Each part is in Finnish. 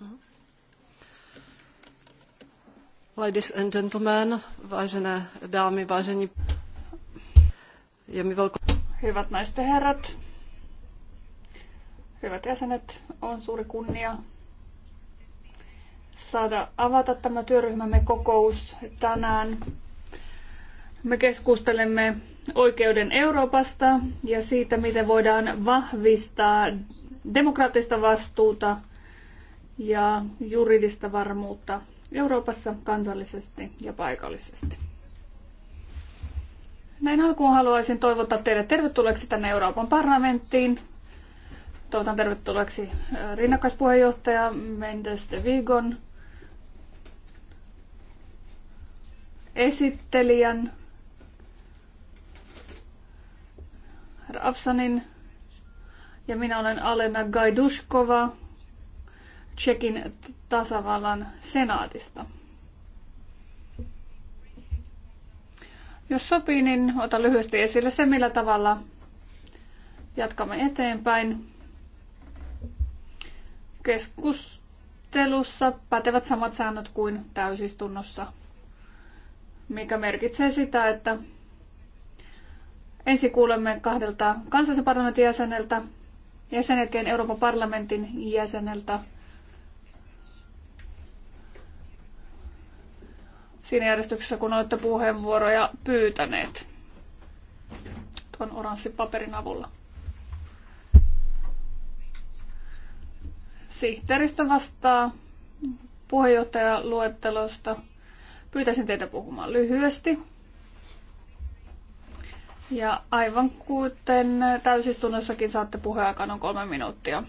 Mm-hmm. Ladies and gentlemen, vážené dámy, vážení, je mi velko... Hyvät naiset ja herrat, hyvät jäsenet, on suuri kunnia saada avata tämä työryhmämme kokous tänään. Me keskustelemme oikeuden Euroopasta ja siitä, miten voidaan vahvistaa demokraattista vastuuta ja juridista varmuutta Euroopassa kansallisesti ja paikallisesti. Näin alkuun haluaisin toivottaa teidät tervetulleeksi tänne Euroopan parlamenttiin. Toivotan tervetulleeksi äh, rinnakkaispuheenjohtaja Mendes de Vigon, esittelijän Rafsanin ja minä olen Alena Gaiduskova, Tsekin tasavallan senaatista. Jos sopii, niin otan lyhyesti esille se, millä tavalla jatkamme eteenpäin. Keskustelussa pätevät samat säännöt kuin täysistunnossa, mikä merkitsee sitä, että ensi kuulemme kahdelta kansallisen parlamentin jäseneltä ja sen jälkeen Euroopan parlamentin jäseneltä. Siinä järjestyksessä, kun olette puheenvuoroja pyytäneet tuon oranssipaperin avulla. Sihteeristä vastaa puheenjohtajaluettelosta. Pyytäisin teitä puhumaan lyhyesti ja aivan kuten täysistunnossakin saatte puheaikaan on kolme minuuttia.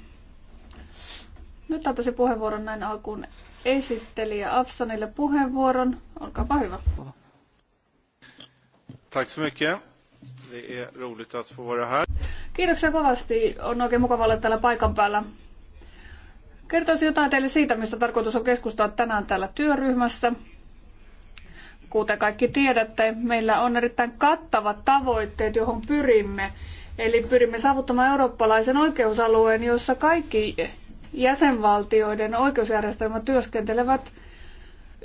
Nyt antaisin puheenvuoron näin alkuun esittelijä Afsanille puheenvuoron. Olkaapa hyvä. Tack så mycket. Det är roligt att få vara här. Kiitoksia kovasti. On oikein mukava olla täällä paikan päällä. Kertoisin jotain teille siitä, mistä tarkoitus on keskustaa tänään täällä työryhmässä. Kuten kaikki tiedätte, meillä on erittäin kattavat tavoitteet, johon pyrimme. Eli pyrimme saavuttamaan eurooppalaisen oikeusalueen, jossa kaikki jäsenvaltioiden oikeusjärjestelmät työskentelevät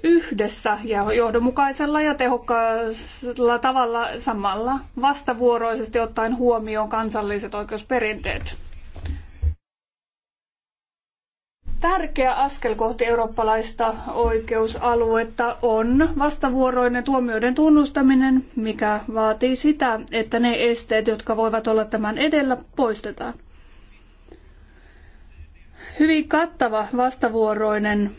yhdessä ja johdonmukaisella ja tehokkaalla tavalla samalla vastavuoroisesti ottaen huomioon kansalliset oikeusperinteet. Tärkeä askel kohti eurooppalaista oikeusaluetta on vastavuoroinen tuomioiden tunnustaminen, mikä vaatii sitä, että ne esteet, jotka voivat olla tämän edellä, poistetaan. Hyvin kattava vastavuoroinen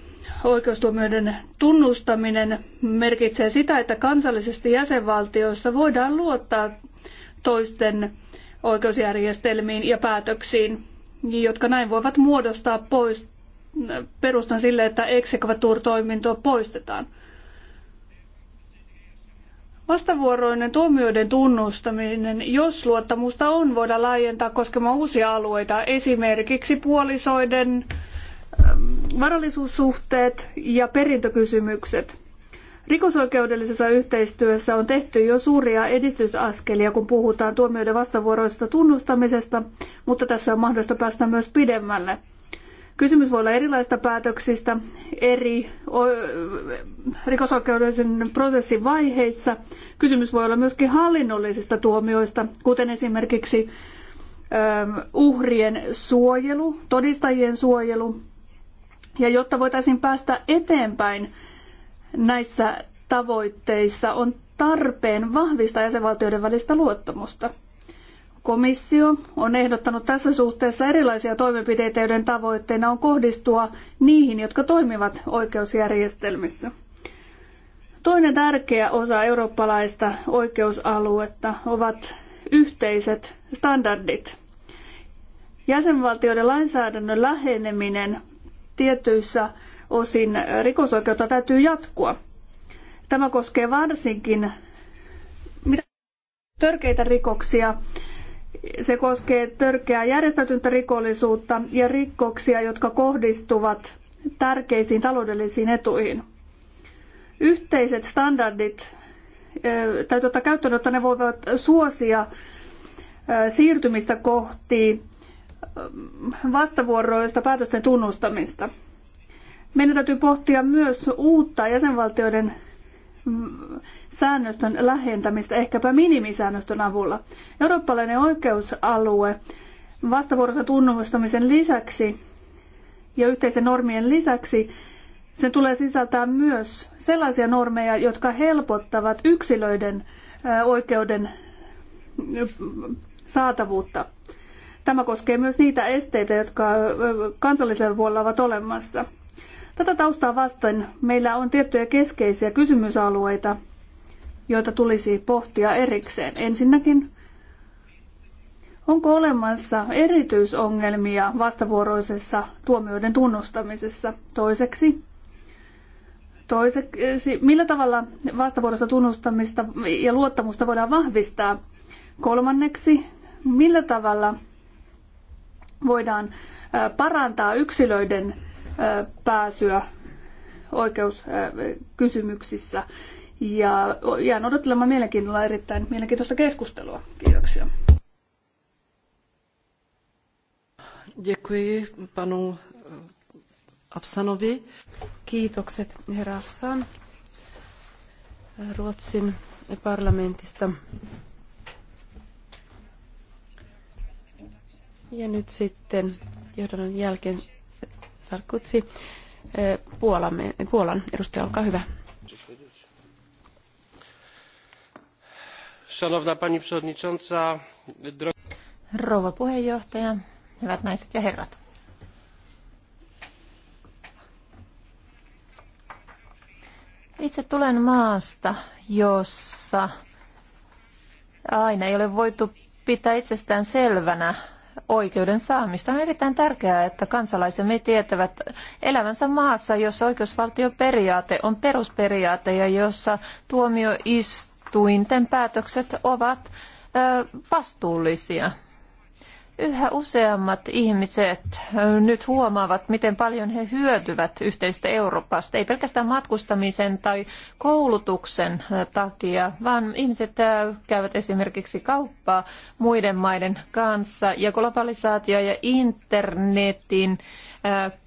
oikeustuomioiden tunnustaminen merkitsee sitä, että kansallisesti jäsenvaltioissa voidaan luottaa toisten oikeusjärjestelmiin ja päätöksiin, jotka näin voivat muodostaa pois perustan sille, että eksekvatuurtoiminto poistetaan. Vastavuoroinen tuomioiden tunnustaminen, jos luottamusta on, voidaan laajentaa koskemaan uusia alueita, esimerkiksi puolisoiden ähm, varallisuussuhteet ja perintökysymykset. Rikosoikeudellisessa yhteistyössä on tehty jo suuria edistysaskelia, kun puhutaan tuomioiden vastavuoroisesta tunnustamisesta, mutta tässä on mahdollista päästä myös pidemmälle. Kysymys voi olla erilaisista päätöksistä eri rikosoikeudellisen prosessin vaiheissa. Kysymys voi olla myöskin hallinnollisista tuomioista, kuten esimerkiksi ähm, uhrien suojelu, todistajien suojelu. Ja jotta voitaisiin päästä eteenpäin näissä tavoitteissa, on tarpeen vahvistaa jäsenvaltioiden välistä luottamusta. Komissio on ehdottanut tässä suhteessa erilaisia toimenpiteitä, joiden tavoitteena on kohdistua niihin, jotka toimivat oikeusjärjestelmissä. Toinen tärkeä osa eurooppalaista oikeusaluetta ovat yhteiset standardit. Jäsenvaltioiden lainsäädännön läheneminen tietyissä osin rikosoikeutta täytyy jatkua. Tämä koskee varsinkin törkeitä rikoksia, se koskee törkeää järjestäytyntä rikollisuutta ja rikoksia, jotka kohdistuvat tärkeisiin taloudellisiin etuihin. Yhteiset standardit täytyy ottaa käyttöön, jotta ne voivat suosia siirtymistä kohti vastavuoroista päätösten tunnustamista. Meidän täytyy pohtia myös uutta jäsenvaltioiden säännöstön lähentämistä ehkäpä minimisäännöstön avulla. Eurooppalainen oikeusalue vastavuoroisen tunnustamisen lisäksi ja yhteisen normien lisäksi sen tulee sisältää myös sellaisia normeja, jotka helpottavat yksilöiden oikeuden saatavuutta. Tämä koskee myös niitä esteitä, jotka kansallisella puolella ovat olemassa. Tätä taustaa vasten meillä on tiettyjä keskeisiä kysymysalueita, joita tulisi pohtia erikseen. Ensinnäkin, onko olemassa erityisongelmia vastavuoroisessa tuomioiden tunnustamisessa? Toiseksi, toiseksi millä tavalla vastavuoroista tunnustamista ja luottamusta voidaan vahvistaa? Kolmanneksi, millä tavalla voidaan parantaa yksilöiden pääsyä oikeuskysymyksissä. Ja jään odottelemaan mielenkiinnolla erittäin mielenkiintoista keskustelua. Kiitoksia. Děkuji panu Absanovi. Kiitokset herra Absan Ruotsin parlamentista. Ja nyt sitten johdannon jälkeen Sarkutsi, eh, Puolan, Puolan edustaja, olkaa hyvä. Szanowna pani przewodnicząca, Rouva puheenjohtaja, hyvät naiset ja herrat. Itse tulen maasta, jossa aina ei ole voitu pitää itsestään selvänä oikeuden saamista. On erittäin tärkeää, että kansalaisemme tietävät elämänsä maassa, jossa oikeusvaltioperiaate on perusperiaate ja jossa tuomioistuinten päätökset ovat vastuullisia. Yhä useammat ihmiset nyt huomaavat, miten paljon he hyötyvät yhteisestä Euroopasta, ei pelkästään matkustamisen tai koulutuksen takia, vaan ihmiset käyvät esimerkiksi kauppaa muiden maiden kanssa ja globalisaatio ja internetin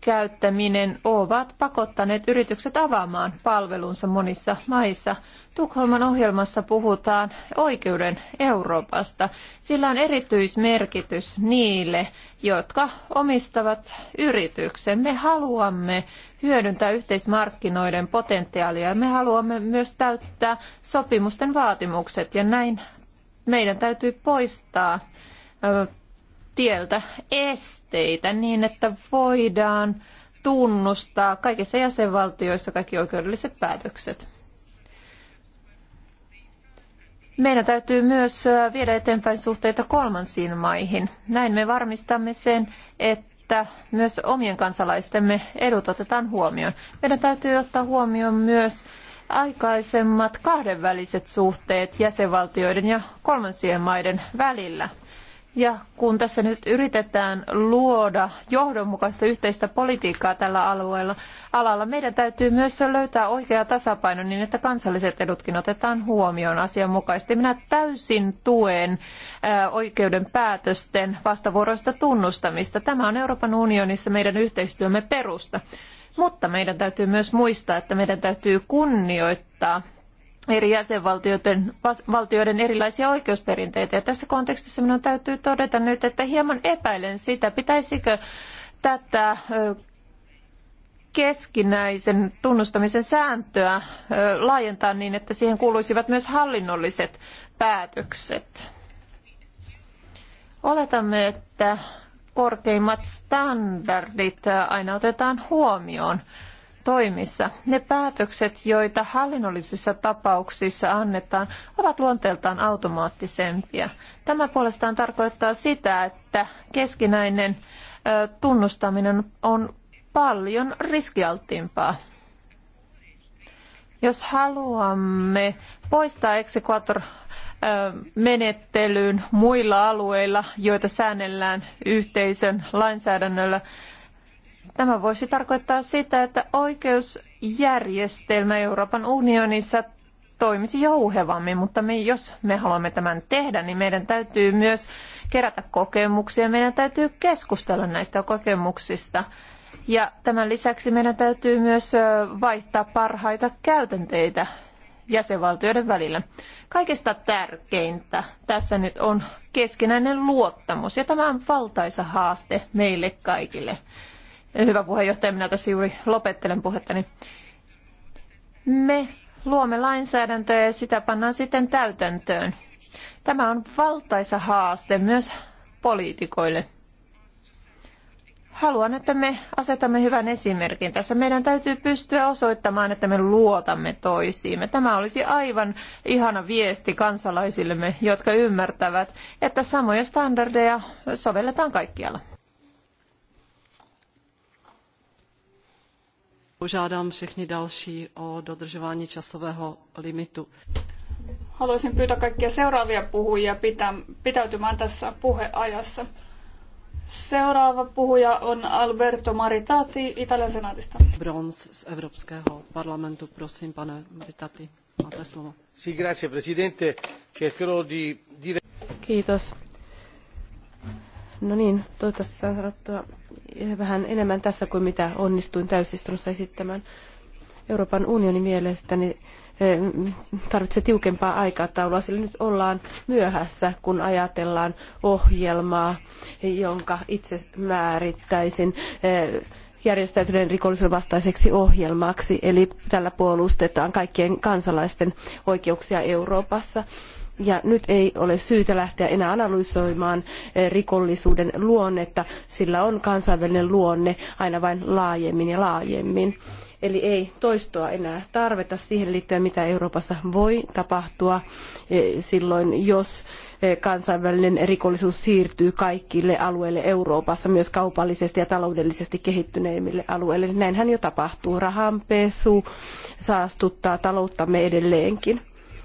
käyttäminen ovat pakottaneet yritykset avaamaan palvelunsa monissa maissa. Tukholman ohjelmassa puhutaan oikeuden Euroopasta. Sillä on erityismerkitys niille, jotka omistavat yrityksen. Me haluamme hyödyntää yhteismarkkinoiden potentiaalia ja me haluamme myös täyttää sopimusten vaatimukset ja näin meidän täytyy poistaa tieltä esteitä niin, että voidaan tunnustaa kaikissa jäsenvaltioissa kaikki oikeudelliset päätökset. Meidän täytyy myös viedä eteenpäin suhteita kolmansiin maihin. Näin me varmistamme sen, että myös omien kansalaistemme edut otetaan huomioon. Meidän täytyy ottaa huomioon myös aikaisemmat kahdenväliset suhteet jäsenvaltioiden ja kolmansien maiden välillä. Ja kun tässä nyt yritetään luoda johdonmukaista yhteistä politiikkaa tällä alueella, alalla meidän täytyy myös löytää oikea tasapaino niin, että kansalliset edutkin otetaan huomioon asianmukaisesti. Minä täysin tuen oikeuden päätösten vastavuoroista tunnustamista. Tämä on Euroopan unionissa meidän yhteistyömme perusta. Mutta meidän täytyy myös muistaa, että meidän täytyy kunnioittaa eri jäsenvaltioiden valtioiden erilaisia oikeusperinteitä. Ja tässä kontekstissa minun täytyy todeta nyt, että hieman epäilen sitä, pitäisikö tätä keskinäisen tunnustamisen sääntöä laajentaa niin, että siihen kuuluisivat myös hallinnolliset päätökset. Oletamme, että korkeimmat standardit aina otetaan huomioon toimissa. Ne päätökset, joita hallinnollisissa tapauksissa annetaan, ovat luonteeltaan automaattisempia. Tämä puolestaan tarkoittaa sitä, että keskinäinen tunnustaminen on paljon riskialttiimpaa. Jos haluamme poistaa exequator menettelyyn muilla alueilla, joita säännellään yhteisön lainsäädännöllä, Tämä voisi tarkoittaa sitä, että oikeusjärjestelmä Euroopan unionissa toimisi jouhevammin, mutta me, jos me haluamme tämän tehdä, niin meidän täytyy myös kerätä kokemuksia, meidän täytyy keskustella näistä kokemuksista. Ja tämän lisäksi meidän täytyy myös vaihtaa parhaita käytänteitä jäsenvaltioiden välillä. Kaikista tärkeintä tässä nyt on keskinäinen luottamus, ja tämä on valtaisa haaste meille kaikille. Hyvä puheenjohtaja, minä tässä juuri lopettelen puhettani. Me luomme lainsäädäntöä ja sitä pannaan sitten täytäntöön. Tämä on valtaisa haaste myös poliitikoille. Haluan, että me asetamme hyvän esimerkin. Tässä meidän täytyy pystyä osoittamaan, että me luotamme toisiimme. Tämä olisi aivan ihana viesti kansalaisillemme, jotka ymmärtävät, että samoja standardeja sovelletaan kaikkialla. Požádám všechny další o dodržování časového limitu. Haluaisin pyytää kaikkia seuraavia puhujia pitäytymään tässä puheajassa. Seuraava puhuja on Alberto Maritati Italian senaatista. Brons z Evropského parlamentu. Prosím, pane Maritati, máte slovo. Sì, grazie, presidente. Cercherò di dire... Kiitos. No niin, toivottavasti saan sanottua vähän enemmän tässä kuin mitä onnistuin täysistunnossa esittämään. Euroopan unioni mielestäni eh, tarvitsee tiukempaa aikataulua, sillä nyt ollaan myöhässä, kun ajatellaan ohjelmaa, jonka itse määrittäisin eh, järjestäytyneen rikollisuuden vastaiseksi ohjelmaksi, eli tällä puolustetaan kaikkien kansalaisten oikeuksia Euroopassa. Ja nyt ei ole syytä lähteä enää analysoimaan eh, rikollisuuden luonnetta, sillä on kansainvälinen luonne aina vain laajemmin ja laajemmin. Eli ei toistoa enää tarvita siihen liittyen, mitä Euroopassa voi tapahtua eh, silloin, jos eh, kansainvälinen rikollisuus siirtyy kaikille alueille Euroopassa, myös kaupallisesti ja taloudellisesti kehittyneimmille alueille. Näinhän jo tapahtuu. Rahanpesu saastuttaa talouttamme edelleenkin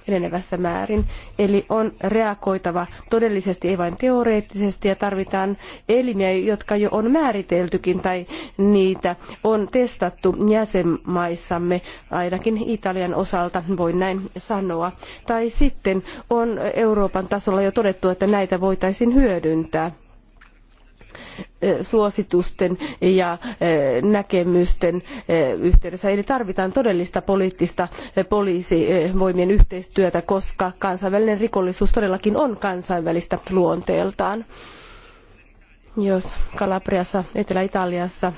enenevässä määrin. Eli on reagoitava todellisesti, ei vain teoreettisesti, ja tarvitaan elimiä, jotka jo on määriteltykin tai niitä on testattu jäsenmaissamme, ainakin Italian osalta voin näin sanoa. Tai sitten on Euroopan tasolla jo todettu, että näitä voitaisiin hyödyntää suositusten ja eh, näkemysten eh, yhteydessä. Eli tarvitaan todellista poliittista eh, poliisivoimien yhteistyötä, koska kansainvälinen rikollisuus todellakin on kansainvälistä luonteeltaan jos Kalabriassa, Etelä-Italiassa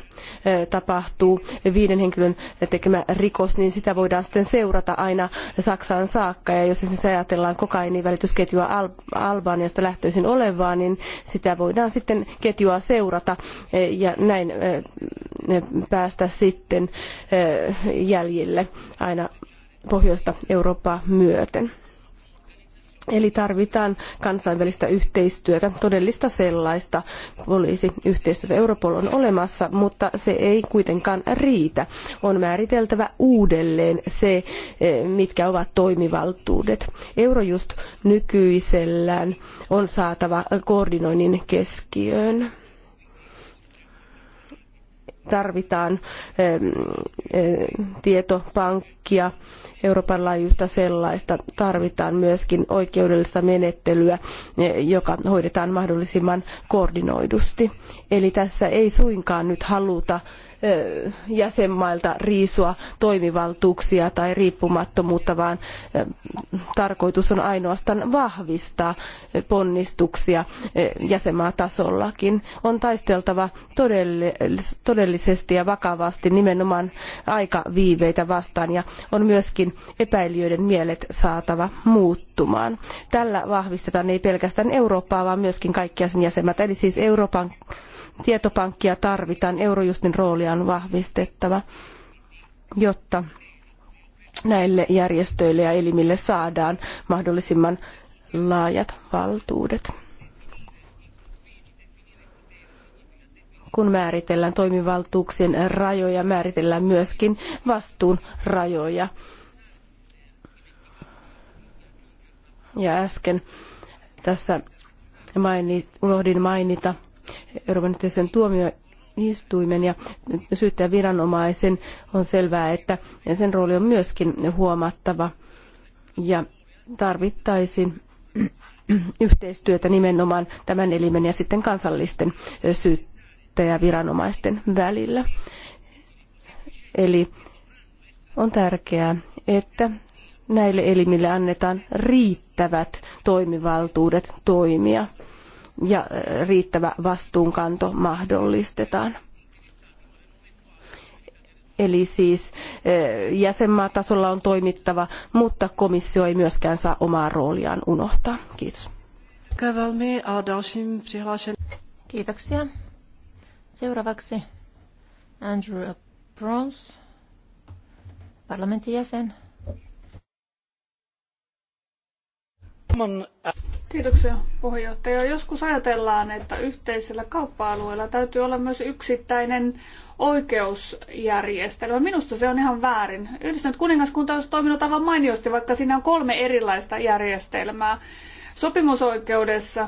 eh, tapahtuu viiden henkilön tekemä rikos, niin sitä voidaan sitten seurata aina Saksaan saakka. Ja jos esimerkiksi ajatellaan kokainivälitysketjua Al- Albaniasta lähtöisin olevaa, niin sitä voidaan sitten ketjua seurata eh, ja näin eh, päästä sitten jäljille aina pohjoista Eurooppaa myöten. Eli tarvitaan kansainvälistä yhteistyötä, todellista sellaista. Poliisiyhteistyötä Europol on olemassa, mutta se ei kuitenkaan riitä. On määriteltävä uudelleen se, eh, mitkä ovat toimivaltuudet. Eurojust nykyisellään on saatava koordinoinnin keskiöön tarvitaan tietopankkia, Euroopan laajuista sellaista. Tarvitaan myöskin oikeudellista menettelyä, e, joka hoidetaan mahdollisimman koordinoidusti. Eli tässä ei suinkaan nyt haluta jäsenmailta riisua toimivaltuuksia tai riippumattomuutta, vaan tarkoitus on ainoastaan vahvistaa ponnistuksia jäsenmaatasollakin. On taisteltava todellisesti ja vakavasti nimenomaan aikaviiveitä vastaan ja on myöskin epäilijöiden mielet saatava muuttumaan. Tällä vahvistetaan ei pelkästään Eurooppaa, vaan myöskin kaikkia sen jäsenmaita. Eli siis Euroopan tietopankkia tarvitaan, Eurojustin roolia on vahvistettava, jotta näille järjestöille ja elimille saadaan mahdollisimman laajat valtuudet. kun määritellään toimivaltuuksien rajoja, määritellään myöskin vastuun rajoja. Ja äsken tässä mainit, unohdin mainita Euroopan yhteisön tuomio, tuomioistuimen ja syyttäjän viranomaisen on selvää, että sen rooli on myöskin huomattava ja tarvittaisiin yhteistyötä nimenomaan tämän elimen ja sitten kansallisten syyttäjäviranomaisten välillä. Eli on tärkeää, että näille elimille annetaan riittävät toimivaltuudet toimia ja riittävä vastuunkanto mahdollistetaan. Eli siis eh, jäsenmaatasolla on toimittava, mutta komissio ei myöskään saa omaa rooliaan unohtaa. Kiitos. Kiitoksia. Seuraavaksi Andrew Bronze, parlamentin jäsen. Äh. Kiitoksia puheenjohtaja. Joskus ajatellaan, että yhteisellä kauppa-alueella täytyy olla myös yksittäinen oikeusjärjestelmä. Minusta se on ihan väärin. Yhdistynyt kuningaskunta olisi toiminut aivan mainiosti, vaikka siinä on kolme erilaista järjestelmää. Sopimusoikeudessa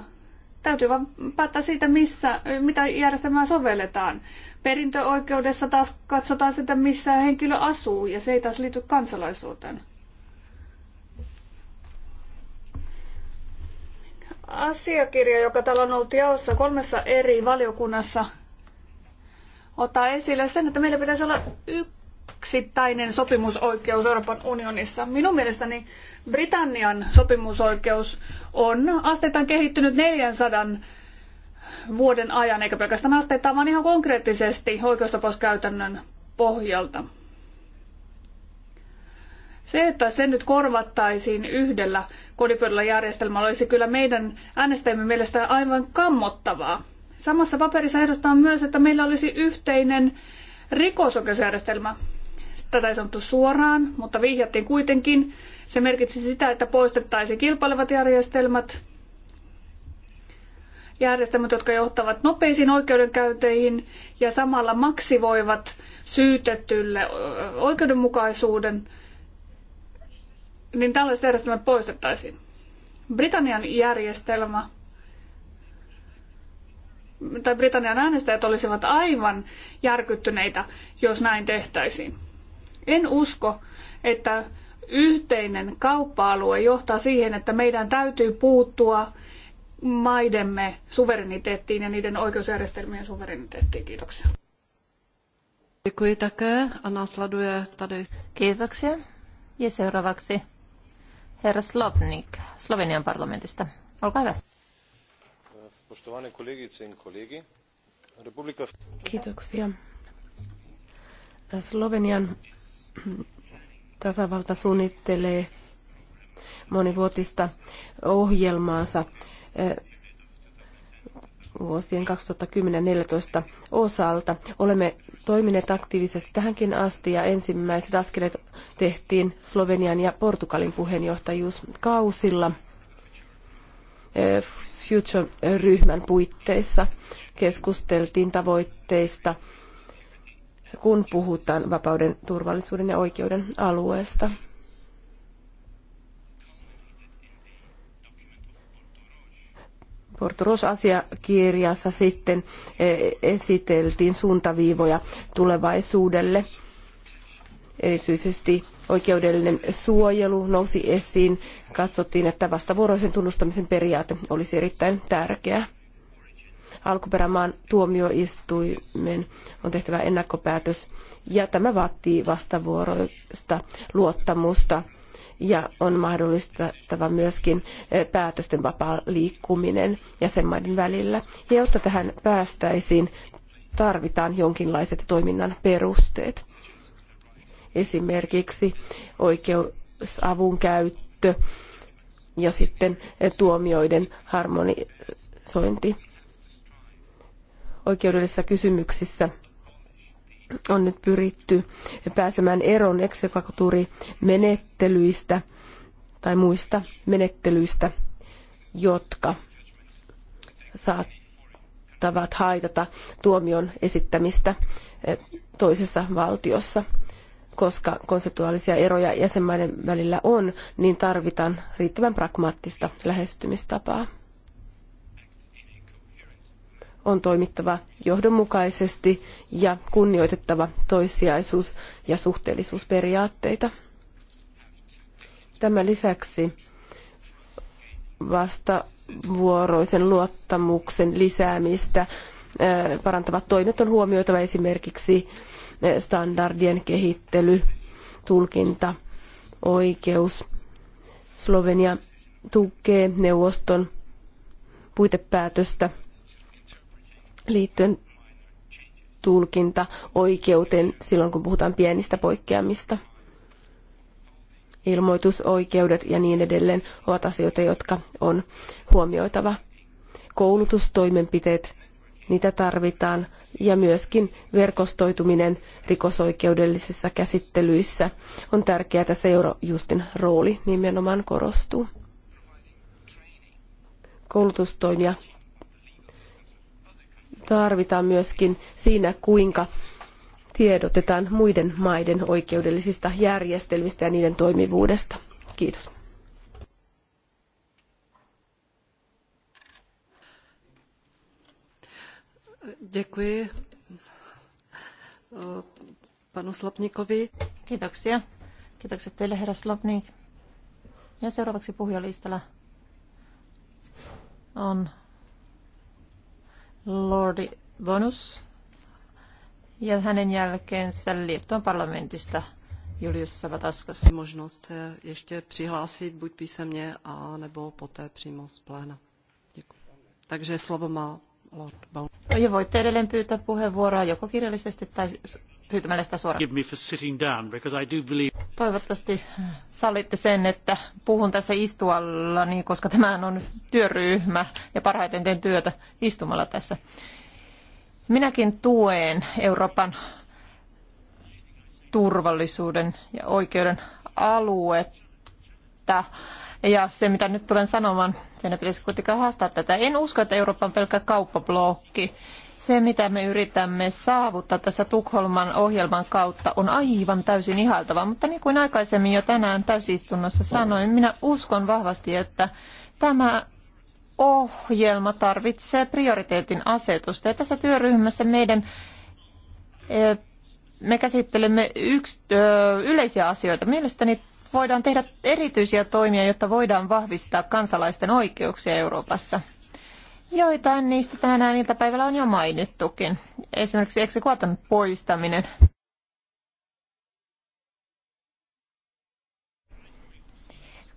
täytyy vain päättää siitä, missä, mitä järjestelmää sovelletaan. Perintöoikeudessa taas katsotaan sitä, missä henkilö asuu, ja se ei taas liity kansalaisuuteen. asiakirja, joka täällä on ollut jaossa kolmessa eri valiokunnassa, ottaa esille sen, että meillä pitäisi olla yksittäinen sopimusoikeus Euroopan unionissa. Minun mielestäni Britannian sopimusoikeus on asteittain kehittynyt 400 vuoden ajan, eikä pelkästään asteittain, vaan ihan konkreettisesti oikeustapauskäytännön pohjalta. Se, että se nyt korvattaisiin yhdellä kodipyörällä järjestelmällä olisi kyllä meidän äänestäjimme mielestä aivan kammottavaa. Samassa paperissa ehdotetaan myös, että meillä olisi yhteinen rikosoikeusjärjestelmä. Tätä ei sanottu suoraan, mutta vihjattiin kuitenkin. Se merkitsi sitä, että poistettaisiin kilpailevat järjestelmät, järjestelmät, jotka johtavat nopeisiin oikeudenkäynteihin ja samalla maksivoivat syytetylle oikeudenmukaisuuden niin tällaiset järjestelmät poistettaisiin. Britannian järjestelmä tai Britannian äänestäjät olisivat aivan järkyttyneitä, jos näin tehtäisiin. En usko, että yhteinen kauppa-alue johtaa siihen, että meidän täytyy puuttua maidemme suvereniteettiin ja niiden oikeusjärjestelmien suvereniteettiin. Kiitoksia. Kiitoksia. Ja seuraavaksi herra Slovnik Slovenian parlamentista. Olkaa hyvä. Spoštovane kolegice in kolegi, Kiitoksia. Slovenian tasavalta suunnittelee monivuotista ohjelmaansa vuosien 2010-2014 osalta. Olemme toimineet aktiivisesti tähänkin asti ja ensimmäiset askeleet tehtiin Slovenian ja Portugalin puheenjohtajuuskausilla eh, Future-ryhmän puitteissa. Keskusteltiin tavoitteista, kun puhutaan vapauden, turvallisuuden ja oikeuden alueesta. Porturos-asiakirjassa sitten eh, esiteltiin suuntaviivoja tulevaisuudelle. Erityisesti oikeudellinen suojelu nousi esiin. Katsottiin, että vastavuoroisen tunnustamisen periaate olisi erittäin tärkeä. Alkuperämaan tuomioistuimen on tehtävä ennakkopäätös ja tämä vaatii vastavuoroista luottamusta ja on mahdollistettava myöskin eh, päätösten vapaa liikkuminen jäsenmaiden välillä. Ja jotta tähän päästäisiin, tarvitaan jonkinlaiset toiminnan perusteet. Esimerkiksi oikeusavun käyttö ja sitten eh, tuomioiden harmonisointi oikeudellisissa kysymyksissä – on nyt pyritty pääsemään eroon eksekvatuurimenettelyistä tai muista menettelyistä, jotka saattavat haitata tuomion esittämistä eh, toisessa valtiossa. Koska konseptuaalisia eroja jäsenmaiden välillä on, niin tarvitaan riittävän pragmaattista lähestymistapaa on toimittava johdonmukaisesti ja kunnioitettava toissijaisuus- ja suhteellisuusperiaatteita. Tämän lisäksi vastavuoroisen luottamuksen lisäämistä äh, parantavat toimet on huomioitava esimerkiksi äh, standardien kehittely, tulkinta, oikeus. Slovenia tukee neuvoston puitepäätöstä – liittyen tulkinta oikeuteen silloin, kun puhutaan pienistä poikkeamista. Ilmoitusoikeudet ja niin edelleen ovat asioita, jotka on huomioitava. Koulutustoimenpiteet, niitä tarvitaan, ja myöskin verkostoituminen rikosoikeudellisissa käsittelyissä on tärkeää, että seurajustin rooli nimenomaan korostuu. Koulutustoimia tarvitaan myöskin siinä, kuinka tiedotetaan muiden maiden oikeudellisista järjestelmistä ja niiden toimivuudesta. Kiitos. Děkuji eh, panu Slopnikovi. Kiitoksia. Kiitokset teille, herra Slopnik. Ja seuraavaksi puhujalistalla on Lordi Bonus ja hänen jälkeensä Liettuan parlamentista Julius Savataskas. Možnost se ještě přihlásit buď písemně a nebo poté přímo z pléna. Děkuji. Takže slovo má Lord Bonus. No ja voitte edelleen pyytää puheenvuoroa joko kirjallisesti tai pyytämällä sitä suoraan. Toivottavasti sallitte sen, että puhun tässä istuallani, koska tämä on työryhmä ja parhaiten teen työtä istumalla tässä. Minäkin tuen Euroopan turvallisuuden ja oikeuden aluetta. Ja se, mitä nyt tulen sanomaan, sen pitäisi kuitenkaan haastaa tätä. En usko, että Eurooppa on pelkkä kauppablokki. Se, mitä me yritämme saavuttaa tässä Tukholman ohjelman kautta, on aivan täysin ihailtavaa. Mutta niin kuin aikaisemmin jo tänään täysistunnossa sanoin, minä uskon vahvasti, että tämä ohjelma tarvitsee prioriteetin asetusta. Ja tässä työryhmässä meidän e, me käsittelemme yks, e, yleisiä asioita. Mielestäni voidaan tehdä erityisiä toimia, jotta voidaan vahvistaa kansalaisten oikeuksia Euroopassa. Joitain niistä tänään iltapäivällä on jo mainittukin. Esimerkiksi eksekuatan poistaminen.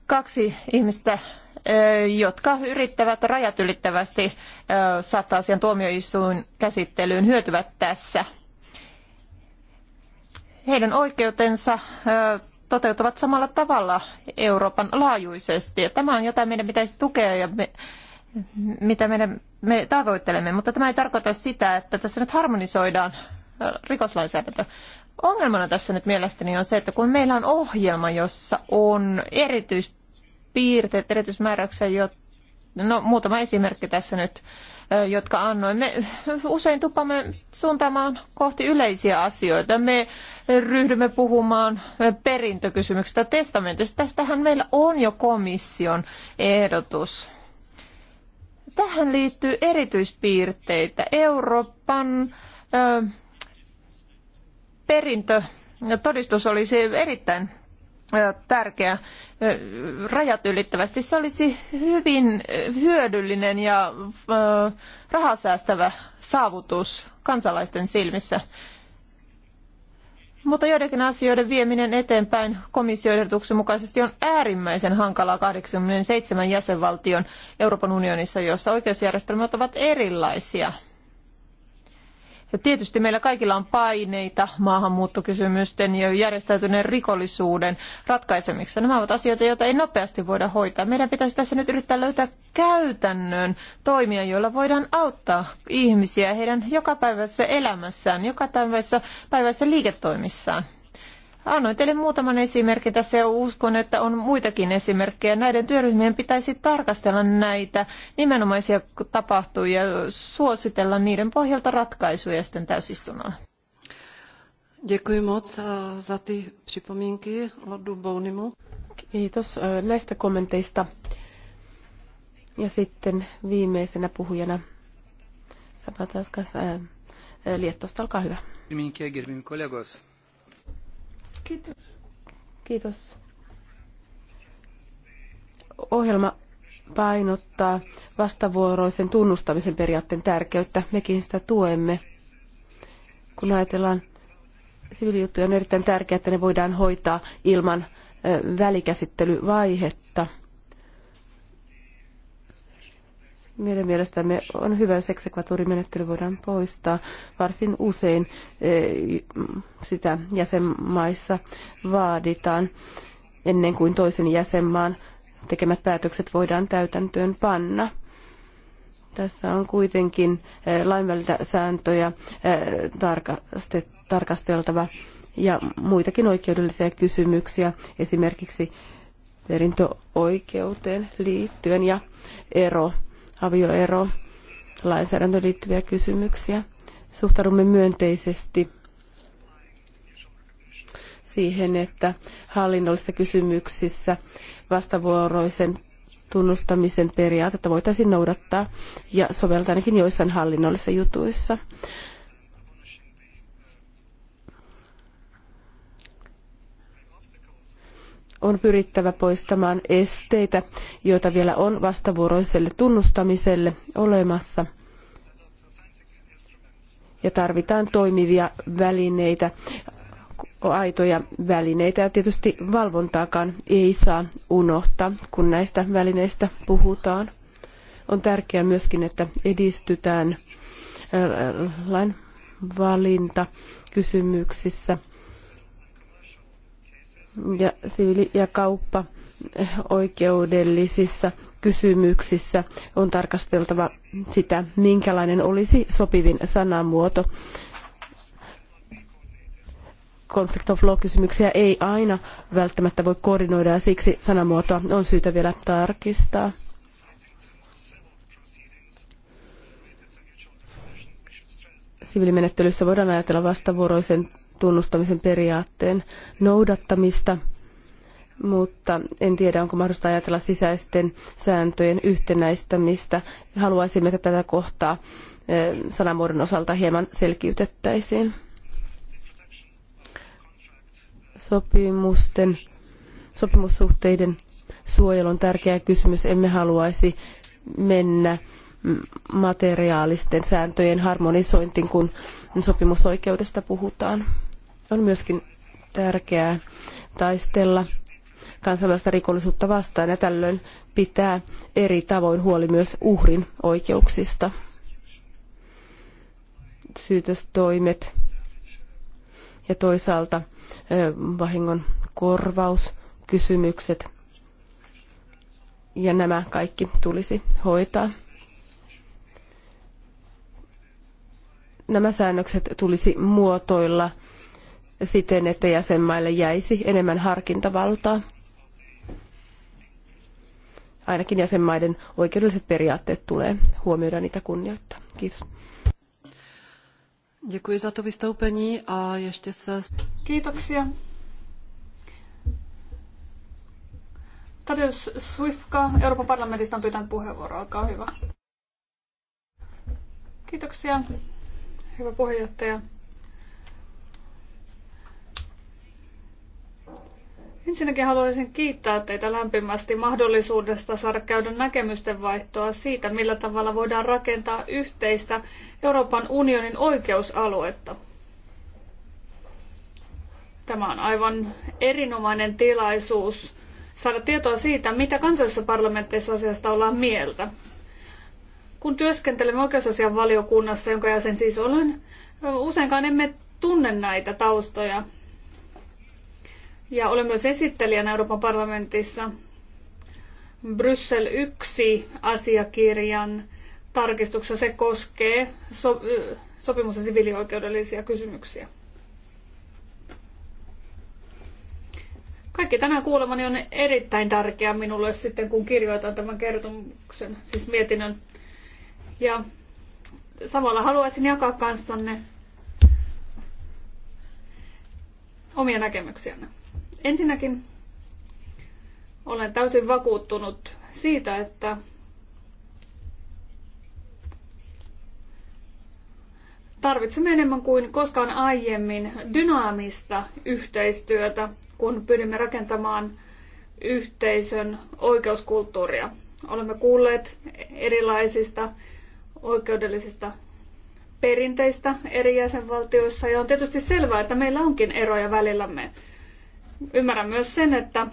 Kaksi ihmistä, jotka yrittävät rajat ylittävästi saattaa asian tuomioistuin käsittelyyn, hyötyvät tässä. Heidän oikeutensa toteutuvat samalla tavalla Euroopan laajuisesti. Ja tämä on jotain meidän pitäisi tukea ja me, mitä meidän, me tavoittelemme, mutta tämä ei tarkoita sitä, että tässä nyt harmonisoidaan äh, rikoslainsäädäntö. Ongelmana tässä nyt mielestäni on se, että kun meillä on ohjelma, jossa on erityispiirteet, erityismääräyksiä, jo, no muutama esimerkki tässä nyt, äh, jotka annoimme. Usein tupamme suuntaamaan kohti yleisiä asioita. Me ryhdymme puhumaan äh, perintökysymyksistä, testamentista. Tästähän meillä on jo komission ehdotus. Tähän liittyy erityispiirteitä. Euroopan ö, perintötodistus olisi erittäin tärkeä rajat ylittävästi. Se olisi hyvin hyödyllinen ja rahasäästävä saavutus kansalaisten silmissä. Mutta joidenkin asioiden vieminen eteenpäin komissioehdotuksen mukaisesti on äärimmäisen hankalaa 87 jäsenvaltion Euroopan unionissa, jossa oikeusjärjestelmät ovat erilaisia. Ja tietysti meillä kaikilla on paineita maahanmuuttokysymysten ja järjestäytyneen rikollisuuden ratkaisemiseksi. Nämä ovat asioita, joita ei nopeasti voida hoitaa. Meidän pitäisi tässä nyt yrittää löytää käytännön toimia, joilla voidaan auttaa ihmisiä heidän jokapäiväisessä elämässään, jokapäiväisessä päivässä liiketoimissaan. Annoin teille muutaman esimerkin tässä ja uskon, että on muitakin esimerkkejä. Näiden työryhmien pitäisi tarkastella näitä nimenomaisia tapahtuja ja suositella niiden pohjalta ratkaisuja sitten täysistunnolla. Děkuji moc eh, za ty připomínky, Lordu Bounimu. Kiitos eh, näistä kommenteista. Ja sitten viimeisenä puhujana Sabataskas eh, Liettosta, olkaa hyvä. Kiitos, gerbimi Kiitos. Kiitos. Ohjelma painottaa vastavuoroisen tunnustamisen periaatteen tärkeyttä. Mekin sitä tuemme. Kun ajatellaan siviilijuttuja, on erittäin tärkeää, että ne voidaan hoitaa ilman välikäsittelyvaihetta. Meidän mielestämme on hyvä, jos eksekvatuurimenettely voidaan poistaa. Varsin usein eh, sitä jäsenmaissa vaaditaan ennen kuin toisen jäsenmaan tekemät päätökset voidaan täytäntöön panna. Tässä on kuitenkin eh, lainvälitä sääntöjä eh, tarkasteltava ja muitakin oikeudellisia kysymyksiä, esimerkiksi perintöoikeuteen liittyen ja ero avioero lainsäädäntöön liittyviä kysymyksiä. Suhtaudumme myönteisesti siihen, että hallinnollisissa kysymyksissä vastavuoroisen tunnustamisen periaatetta voitaisiin noudattaa ja soveltaa ainakin joissain hallinnollisissa jutuissa. on pyrittävä poistamaan esteitä, joita vielä on vastavuoroiselle tunnustamiselle olemassa. Ja tarvitaan toimivia välineitä, aitoja välineitä ja tietysti valvontaakaan ei saa unohtaa, kun näistä välineistä puhutaan. On tärkeää myöskin, että edistytään lain valinta kysymyksissä ja siviili- ja kauppa oikeudellisissa kysymyksissä on tarkasteltava sitä, minkälainen olisi sopivin sanamuoto. Conflict of law-kysymyksiä ei aina välttämättä voi koordinoida ja siksi sanamuotoa on syytä vielä tarkistaa. Siviilimenettelyssä voidaan ajatella vastavuoroisen tunnustamisen periaatteen noudattamista, mutta en tiedä, onko mahdollista ajatella sisäisten sääntöjen yhtenäistämistä. Haluaisimme, että tätä kohtaa eh, sanamuodon osalta hieman selkiytettäisiin. Sopimusten, sopimussuhteiden suojelu on tärkeä kysymys. Emme haluaisi mennä mm, materiaalisten sääntöjen harmonisointiin, kun sopimusoikeudesta puhutaan. On myöskin tärkeää taistella kansainvälistä rikollisuutta vastaan ja tällöin pitää eri tavoin huoli myös uhrin oikeuksista. Syytöstoimet ja toisaalta vahingon korvauskysymykset ja nämä kaikki tulisi hoitaa. Nämä säännökset tulisi muotoilla – siten, että jäsenmaille jäisi enemmän harkintavaltaa. Ainakin jäsenmaiden oikeudelliset periaatteet tulee huomioida niitä kunnioittaa. Kiitos. Děkuji za to vystoupení a ještě se... Kiitoksia. Tadeusz Swiftka Euroopan parlamentista on pyytänyt puheenvuoroa. Olkaa hyvä. Kiitoksia, hyvä puheenjohtaja. Ensinnäkin haluaisin kiittää teitä lämpimästi mahdollisuudesta saada käydä näkemysten vaihtoa siitä, millä tavalla voidaan rakentaa yhteistä Euroopan unionin oikeusaluetta. Tämä on aivan erinomainen tilaisuus saada tietoa siitä, mitä kansallisessa parlamentteissa asiasta ollaan mieltä. Kun työskentelemme oikeusasian valiokunnassa, jonka jäsen siis olen, useinkaan emme tunne näitä taustoja ja olen myös esittelijänä Euroopan parlamentissa Bryssel 1 asiakirjan tarkistuksessa. Se koskee so- sopimus- ja siviilioikeudellisia kysymyksiä. Kaikki tänään kuulemani on erittäin tärkeää minulle sitten, kun kirjoitan tämän kertomuksen, siis mietinnön. Ja samalla haluaisin jakaa kanssanne omia näkemyksiänne. Ensinnäkin olen täysin vakuuttunut siitä, että tarvitsemme enemmän kuin koskaan aiemmin dynaamista yhteistyötä, kun pyrimme rakentamaan yhteisön oikeuskulttuuria. Olemme kuulleet erilaisista oikeudellisista perinteistä eri jäsenvaltioissa ja on tietysti selvää, että meillä onkin eroja välillämme. Ymmärrän myös sen, että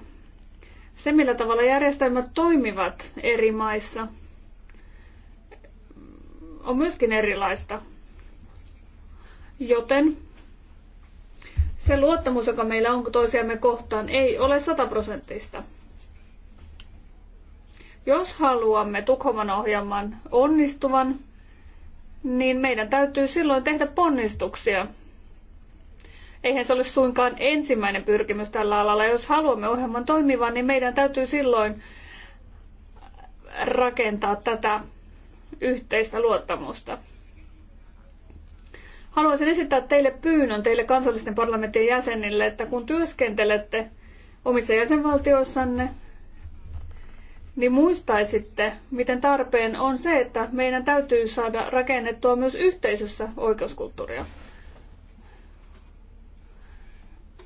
se millä tavalla järjestelmät toimivat eri maissa on myöskin erilaista. Joten se luottamus, joka meillä on toisiamme kohtaan, ei ole sataprosenttista. Jos haluamme Tukholman ohjelman onnistuvan, niin meidän täytyy silloin tehdä ponnistuksia Eihän se ole suinkaan ensimmäinen pyrkimys tällä alalla. Jos haluamme ohjelman toimivan, niin meidän täytyy silloin rakentaa tätä yhteistä luottamusta. Haluaisin esittää teille pyynnön teille kansallisten parlamenttien jäsenille, että kun työskentelette omissa jäsenvaltioissanne, niin muistaisitte, miten tarpeen on se, että meidän täytyy saada rakennettua myös yhteisössä oikeuskulttuuria.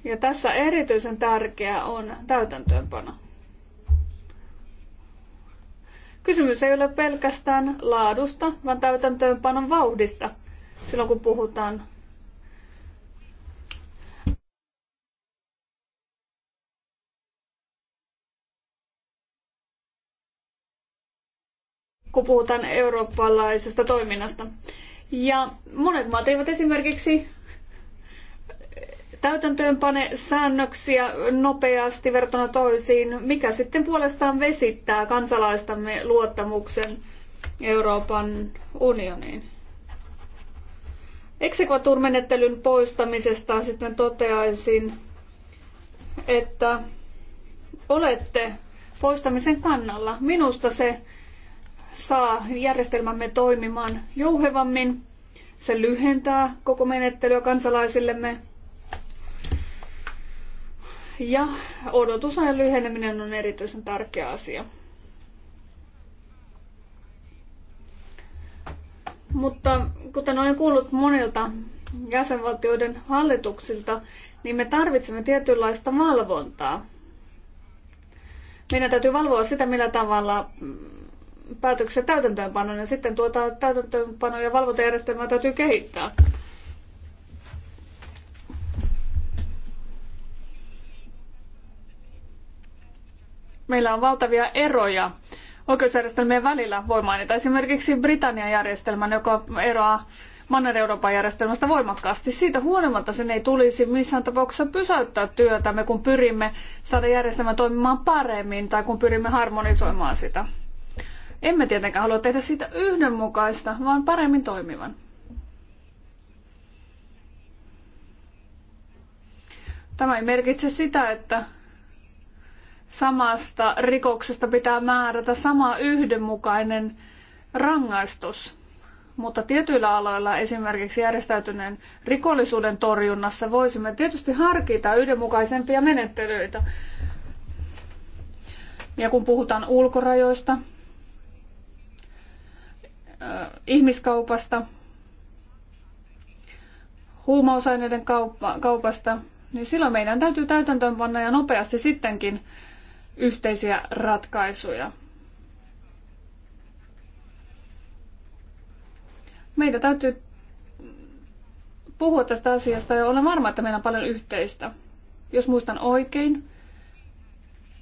Ja tässä erityisen tärkeää on täytäntöönpano. Kysymys ei ole pelkästään laadusta, vaan täytäntöönpanon vauhdista silloin kun puhutaan kun puhutaan eurooppalaisesta toiminnasta. Ja monet maat eivät esimerkiksi täytäntöönpane säännöksiä nopeasti verrattuna toisiin, mikä sitten puolestaan vesittää kansalaistamme luottamuksen Euroopan unioniin. Exequatur-menettelyn poistamisesta sitten toteaisin, että olette poistamisen kannalla. Minusta se saa järjestelmämme toimimaan jouhevammin. Se lyhentää koko menettelyä kansalaisillemme ja odotusajan lyheneminen on erityisen tärkeä asia. Mutta kuten olen kuullut monilta jäsenvaltioiden hallituksilta, niin me tarvitsemme tietynlaista valvontaa. Meidän täytyy valvoa sitä, millä tavalla päätöksen täytäntöönpanon ja sitten tuota täytäntöönpano- ja valvontajärjestelmää täytyy kehittää. meillä on valtavia eroja oikeusjärjestelmien välillä. Voi mainita esimerkiksi Britannian järjestelmän, joka eroaa Manner-Euroopan järjestelmästä voimakkaasti. Siitä huolimatta sen ei tulisi missään tapauksessa pysäyttää työtämme, kun pyrimme saada järjestelmä toimimaan paremmin tai kun pyrimme harmonisoimaan sitä. Emme tietenkään halua tehdä siitä yhdenmukaista, vaan paremmin toimivan. Tämä ei merkitse sitä, että samasta rikoksesta pitää määrätä sama yhdenmukainen rangaistus. Mutta tietyillä aloilla, esimerkiksi järjestäytyneen rikollisuuden torjunnassa, voisimme tietysti harkita yhdenmukaisempia menettelyitä. Ja kun puhutaan ulkorajoista, ihmiskaupasta, huumausaineiden kaupasta, niin silloin meidän täytyy täytäntöönpanna ja nopeasti sittenkin yhteisiä ratkaisuja. Meitä täytyy puhua tästä asiasta ja olen varma, että meillä on paljon yhteistä. Jos muistan oikein,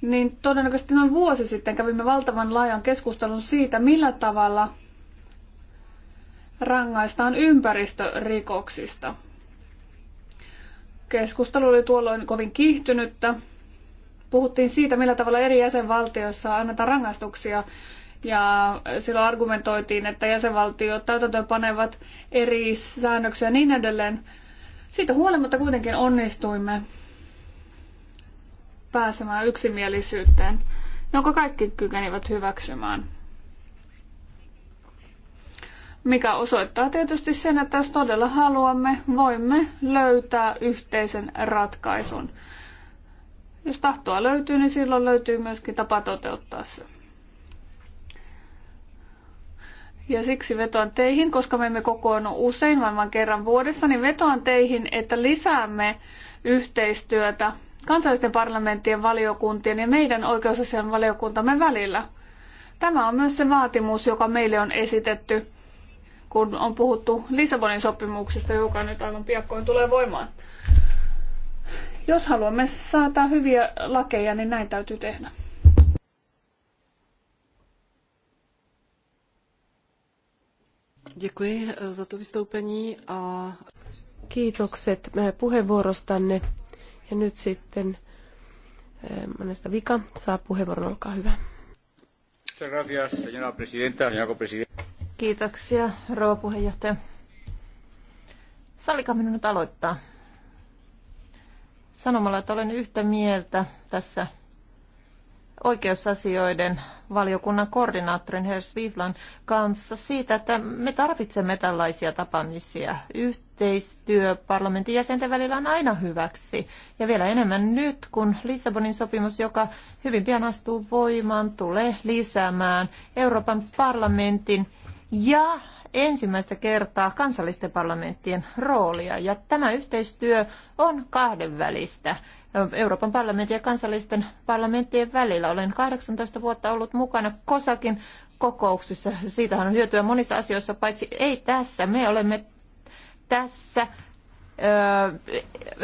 niin todennäköisesti noin vuosi sitten kävimme valtavan laajan keskustelun siitä, millä tavalla rangaistaan ympäristörikoksista. Keskustelu oli tuolloin kovin kiihtynyttä puhuttiin siitä, millä tavalla eri jäsenvaltioissa annetaan rangaistuksia. Ja silloin argumentoitiin, että jäsenvaltiot täytäntöönpanevat eri säännöksiä ja niin edelleen. Siitä huolimatta kuitenkin onnistuimme pääsemään yksimielisyyteen, jonka kaikki kykenivät hyväksymään. Mikä osoittaa tietysti sen, että jos todella haluamme, voimme löytää yhteisen ratkaisun. Jos tahtoa löytyy, niin silloin löytyy myöskin tapa toteuttaa se. Ja siksi vetoan teihin, koska me emme kokoonnu usein, vaan vain kerran vuodessa, niin vetoan teihin, että lisäämme yhteistyötä kansallisten parlamenttien valiokuntien ja meidän oikeusasian valiokuntamme välillä. Tämä on myös se vaatimus, joka meille on esitetty, kun on puhuttu Lissabonin sopimuksesta, joka nyt aivan piakkoin tulee voimaan. Jos haluamme saada hyviä lakeja, niin näin täytyy tehdä. Děkuji eh, za to vystoupení a... Kiitokset eh, puheenvuorostanne. Ja nyt sitten eh, Manesta Vika saa puheenvuoron, olkaa hyvä. Kiitoksia, rouva puheenjohtaja. Sallikaa minun nyt aloittaa sanomalla, että olen yhtä mieltä tässä oikeusasioiden valiokunnan koordinaattorin Herr Swiflan kanssa siitä, että me tarvitsemme tällaisia tapaamisia. Yhteistyö parlamentin jäsenten välillä on aina hyväksi. Ja vielä enemmän nyt, kun Lissabonin sopimus, joka hyvin pian astuu voimaan, tulee lisäämään Euroopan parlamentin ja ensimmäistä kertaa kansallisten parlamenttien roolia. Ja tämä yhteistyö on kahdenvälistä. Euroopan parlamentin ja kansallisten parlamenttien välillä. Olen 18 vuotta ollut mukana Kosakin kokouksissa. Siitähän on hyötyä monissa asioissa, paitsi ei tässä. Me olemme tässä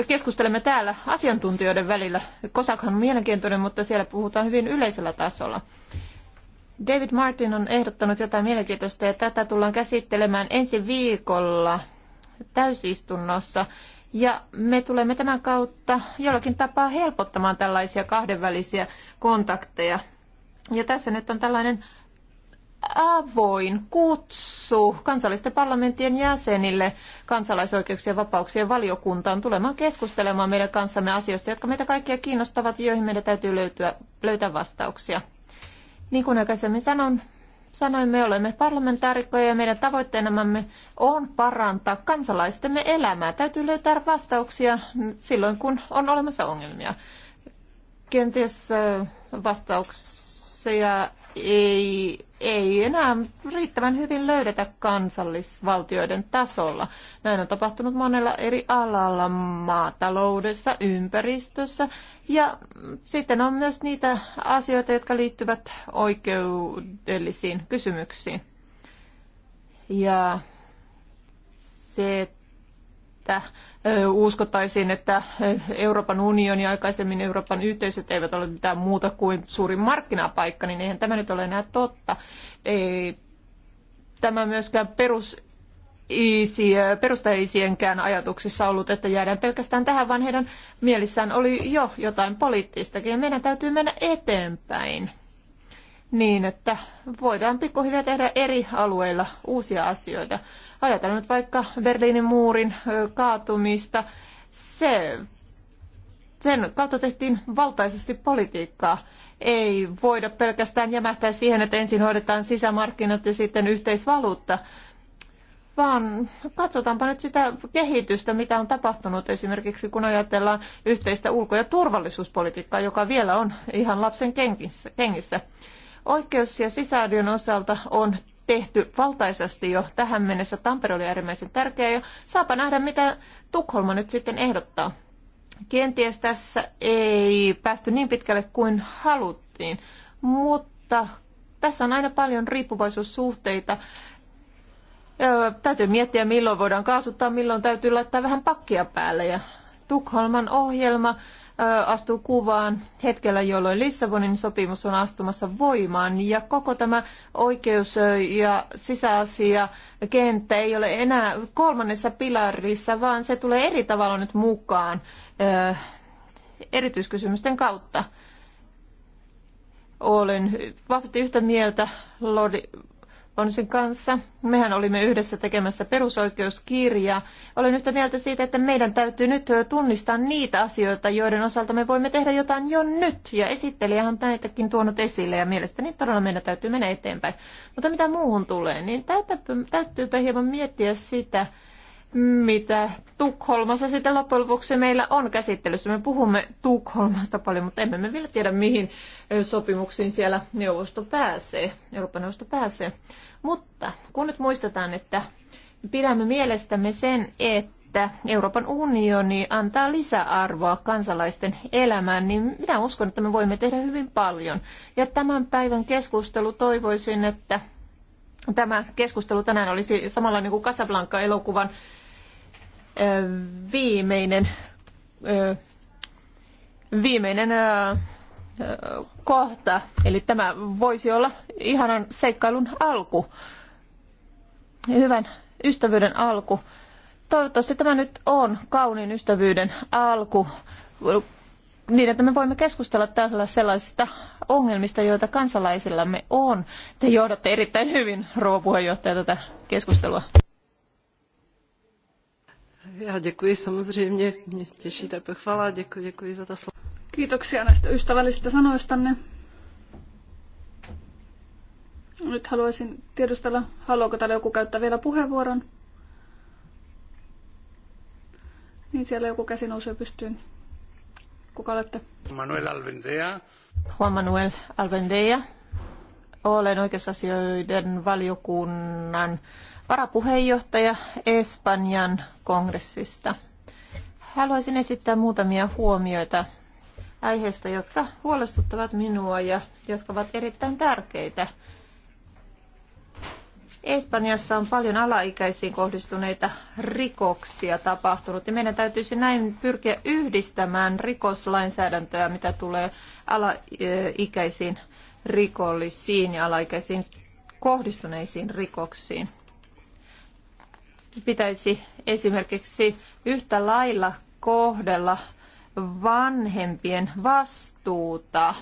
keskustelemme täällä asiantuntijoiden välillä. Kosakhan on mielenkiintoinen, mutta siellä puhutaan hyvin yleisellä tasolla. David Martin on ehdottanut jotain mielenkiintoista ja tätä tullaan käsittelemään ensi viikolla täysistunnossa. Ja me tulemme tämän kautta jollakin tapaa helpottamaan tällaisia kahdenvälisiä kontakteja. Ja tässä nyt on tällainen avoin kutsu kansallisten parlamenttien jäsenille kansalaisoikeuksien ja vapauksien valiokuntaan tulemaan keskustelemaan meidän kanssamme asioista, jotka meitä kaikkia kiinnostavat ja joihin meidän täytyy löytyä, löytää vastauksia. Niin kuin aikaisemmin sanon, sanoin, me olemme parlamentaarikkoja ja meidän tavoitteenamme on parantaa kansalaistemme elämää. Täytyy löytää vastauksia silloin, kun on olemassa ongelmia. Kenties vastauksia resursseja ei, ei enää riittävän hyvin löydetä kansallisvaltioiden tasolla. Näin on tapahtunut monella eri alalla, maataloudessa, ympäristössä ja sitten on myös niitä asioita, jotka liittyvät oikeudellisiin kysymyksiin. Ja se, että että uskottaisiin, että Euroopan unioni ja aikaisemmin Euroopan yhteisöt eivät ole mitään muuta kuin suurin markkinapaikka, niin eihän tämä nyt ole enää totta. Ei tämä myöskään perus perustajaisienkään ajatuksissa ollut, että jäädään pelkästään tähän, vaan heidän mielissään oli jo jotain poliittistakin. Ja meidän täytyy mennä eteenpäin niin, että voidaan pikkuhiljaa tehdä eri alueilla uusia asioita. Ajatellaan nyt vaikka Berliinin muurin kaatumista. Se, sen kautta tehtiin valtaisesti politiikkaa. Ei voida pelkästään jämähtää siihen, että ensin hoidetaan sisämarkkinat ja sitten yhteisvaluutta vaan katsotaanpa nyt sitä kehitystä, mitä on tapahtunut esimerkiksi, kun ajatellaan yhteistä ulko- ja turvallisuuspolitiikkaa, joka vielä on ihan lapsen kengissä. Oikeus- ja sisäadion osalta on tehty valtaisesti jo tähän mennessä. Tampere oli äärimmäisen tärkeä ja saapa nähdä, mitä Tukholma nyt sitten ehdottaa. Kenties tässä ei päästy niin pitkälle kuin haluttiin, mutta tässä on aina paljon riippuvaisuussuhteita. Öö, täytyy miettiä, milloin voidaan kaasuttaa, milloin täytyy laittaa vähän pakkia päälle. Ja Tukholman ohjelma astuu kuvaan hetkellä, jolloin Lissabonin sopimus on astumassa voimaan ja koko tämä oikeus- ja sisäasiakenttä ei ole enää kolmannessa pilarissa, vaan se tulee eri tavalla nyt mukaan erityiskysymysten kautta. Olen vahvasti yhtä mieltä Lordi Onsin kanssa. Mehän olimme yhdessä tekemässä perusoikeuskirjaa. Olen yhtä mieltä siitä, että meidän täytyy nyt tunnistaa niitä asioita, joiden osalta me voimme tehdä jotain jo nyt. Ja esittelijä on näitäkin tuonut esille ja mielestäni todella meidän täytyy mennä eteenpäin. Mutta mitä muuhun tulee, niin täytyypä hieman miettiä sitä, mitä Tukholmassa sitten loppujen lopuksi meillä on käsittelyssä. Me puhumme Tukholmasta paljon, mutta emme me vielä tiedä, mihin sopimuksiin siellä neuvosto pääsee, Euroopan neuvosto pääsee. Mutta kun nyt muistetaan, että pidämme mielestämme sen, että Euroopan unioni antaa lisäarvoa kansalaisten elämään, niin minä uskon, että me voimme tehdä hyvin paljon. Ja tämän päivän keskustelu toivoisin, että tämä keskustelu tänään olisi niin kuin Casablanca-elokuvan viimeinen, viimeinen kohta. Eli tämä voisi olla ihanan seikkailun alku, hyvän ystävyyden alku. Toivottavasti tämä nyt on kauniin ystävyyden alku, niin että me voimme keskustella täällä sellaisista ongelmista, joita kansalaisillamme on. Te johdatte erittäin hyvin, rouva puheenjohtaja, tätä keskustelua. Ja děkuji samozřejmě. Mě těší ta pochvala. Děkuji, děkuji za ta slova. Kiitoksia näistä ystävällisistä sanoistanne. Nyt haluaisin tiedustella, haluaako täällä joku käyttää vielä puheenvuoron. Niin siellä joku käsi nousee pystyyn. Kuka olette? Manuel Alvendea. Juan Manuel Alvendea. Olen oikeusasioiden valiokunnan varapuheenjohtaja Espanjan kongressista. Haluaisin esittää muutamia huomioita aiheista, jotka huolestuttavat minua ja jotka ovat erittäin tärkeitä. Espanjassa on paljon alaikäisiin kohdistuneita rikoksia tapahtunut ja meidän täytyisi näin pyrkiä yhdistämään rikoslainsäädäntöä, mitä tulee alaikäisiin rikollisiin ja alaikäisiin kohdistuneisiin rikoksiin pitäisi esimerkiksi yhtä lailla kohdella vanhempien vastuuta,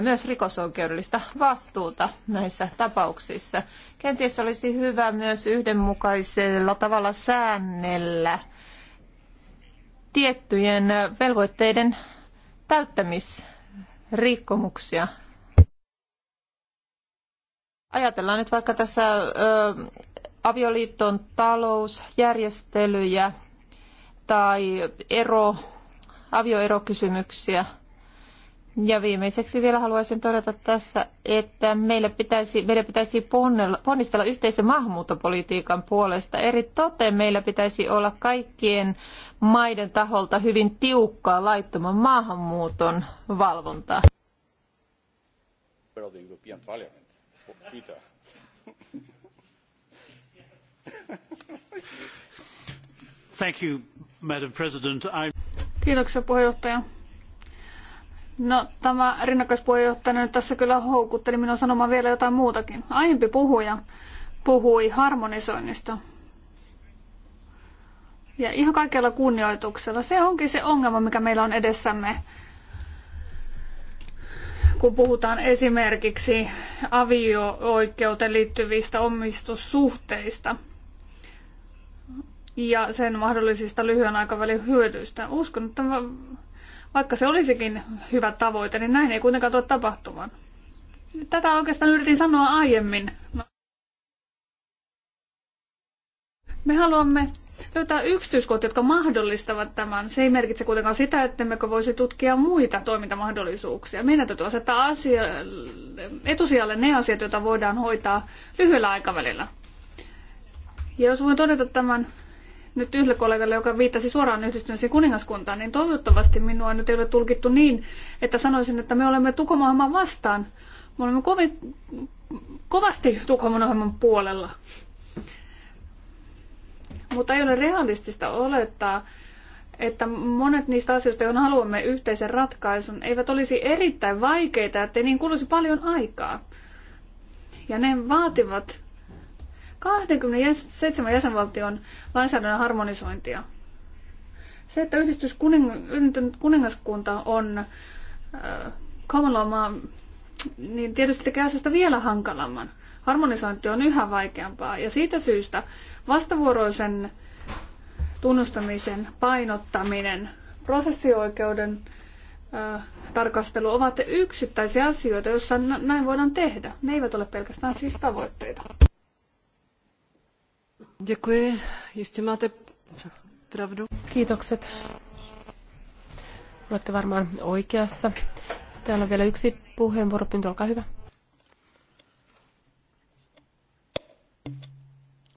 myös rikosoikeudellista vastuuta näissä tapauksissa. Kenties olisi hyvä myös yhdenmukaisella tavalla säännellä tiettyjen velvoitteiden täyttämisrikkomuksia. Ajatellaan nyt vaikka tässä avioliiton talousjärjestelyjä tai ero, avioerokysymyksiä. Ja viimeiseksi vielä haluaisin todeta tässä, että meillä pitäisi, meidän pitäisi ponnella, ponnistella yhteisen maahanmuuttopolitiikan puolesta. Eri toteen meillä pitäisi olla kaikkien maiden taholta hyvin tiukkaa laittoman maahanmuuton valvontaa. Peter. Kiitoksia puheenjohtaja. No, tämä rinnakkaispuheenjohtaja nyt tässä kyllä houkutteli minua sanomaan vielä jotain muutakin. Aiempi puhuja puhui harmonisoinnista. Ja ihan kaikella kunnioituksella. Se onkin se ongelma, mikä meillä on edessämme, kun puhutaan esimerkiksi avio-oikeuteen liittyvistä omistussuhteista – ja sen mahdollisista lyhyen aikavälin hyödyistä. Uskon, että vaikka se olisikin hyvä tavoite, niin näin ei kuitenkaan tule tapahtumaan. Tätä oikeastaan yritin sanoa aiemmin. Me haluamme löytää yksityiskohtia, jotka mahdollistavat tämän. Se ei merkitse kuitenkaan sitä, että me voisi tutkia muita toimintamahdollisuuksia. Meidän täytyy asettaa asia, etusijalle ne asiat, joita voidaan hoitaa lyhyellä aikavälillä. Ja jos voin todeta tämän nyt yhdelle kollegalle, joka viittasi suoraan yhdistyneeseen kuningaskuntaan, niin toivottavasti minua nyt ei ole tulkittu niin, että sanoisin, että me olemme Tukholman vastaan. Me olemme kovin, kovasti Tukholman ohjelman puolella. Mutta ei ole realistista olettaa, että monet niistä asioista, joihin haluamme yhteisen ratkaisun, eivät olisi erittäin vaikeita, ettei niin kuluisi paljon aikaa. Ja ne vaativat 27 jäsenvaltion lainsäädännön harmonisointia. Se, että kuning- kuningaskunta on äh, common law niin tietysti tekee asiasta vielä hankalamman. Harmonisointi on yhä vaikeampaa ja siitä syystä vastavuoroisen tunnustamisen painottaminen, prosessioikeuden ö, äh, tarkastelu ovat yksittäisiä asioita, joissa näin voidaan tehdä. Ne eivät ole pelkästään siis tavoitteita. Jistě máte pravdu. Kiitokset. Olette varmaan oikeassa. Täällä on vielä yksi puheenvuoro, puheenvuoropyyntö, olkaa hyvä.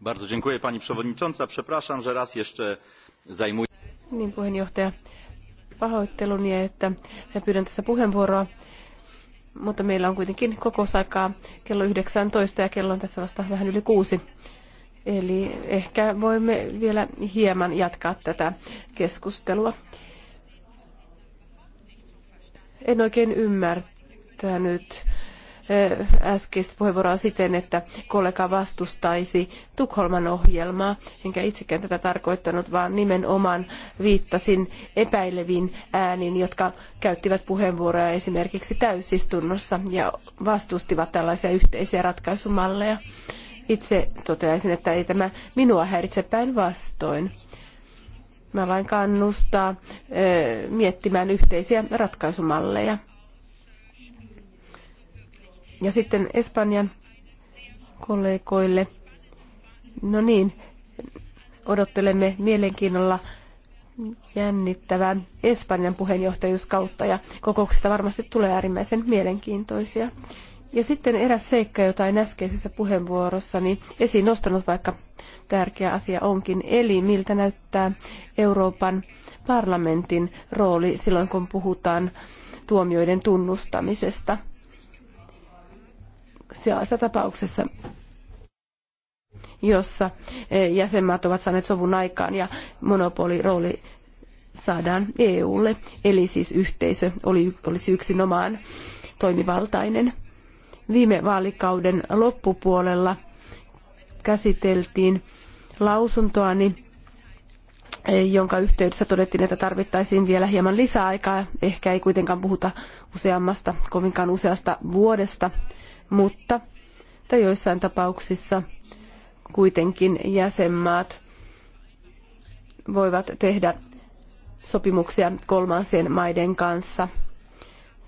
Bardzo dziękuję pani przewodnicząca. Przepraszam, że raz jeszcze zajmuję... Niin puheenjohtaja, pahoitteluni, että pyydän tässä puheenvuoroa mutta meillä on kuitenkin kokousaikaa kello 19 ja kello on tässä vasta vähän yli kuusi. Eli ehkä voimme vielä hieman jatkaa tätä keskustelua. En oikein ymmärtänyt eh, äskeistä puheenvuoroa siten, että kollega vastustaisi Tukholman ohjelmaa, enkä itsekään tätä tarkoittanut, vaan nimenomaan viittasin epäileviin ääniin, jotka käyttivät puheenvuoroja esimerkiksi täysistunnossa ja vastustivat tällaisia yhteisiä ratkaisumalleja. Itse toteaisin, että ei tämä minua häiritse päinvastoin. Mä vain kannustaa miettimään yhteisiä ratkaisumalleja. Ja sitten Espanjan kollegoille. No niin, odottelemme mielenkiinnolla jännittävän Espanjan puheenjohtajuuskautta ja kokouksista varmasti tulee äärimmäisen mielenkiintoisia. Ja sitten eräs seikka, jota en äskeisessä puheenvuorossani esiin nostanut, vaikka tärkeä asia onkin, eli miltä näyttää Euroopan parlamentin rooli silloin, kun puhutaan tuomioiden tunnustamisesta. Sellaisessa tapauksessa, jossa eh, jäsenmaat ovat saaneet sovun aikaan ja monopolirooli saadaan EUlle, eli siis yhteisö oli, olisi yksinomaan toimivaltainen. Viime vaalikauden loppupuolella käsiteltiin lausuntoani, jonka yhteydessä todettiin, että tarvittaisiin vielä hieman lisäaikaa. Ehkä ei kuitenkaan puhuta useammasta, kovinkaan useasta vuodesta, mutta että joissain tapauksissa kuitenkin jäsenmaat voivat tehdä sopimuksia kolmansien maiden kanssa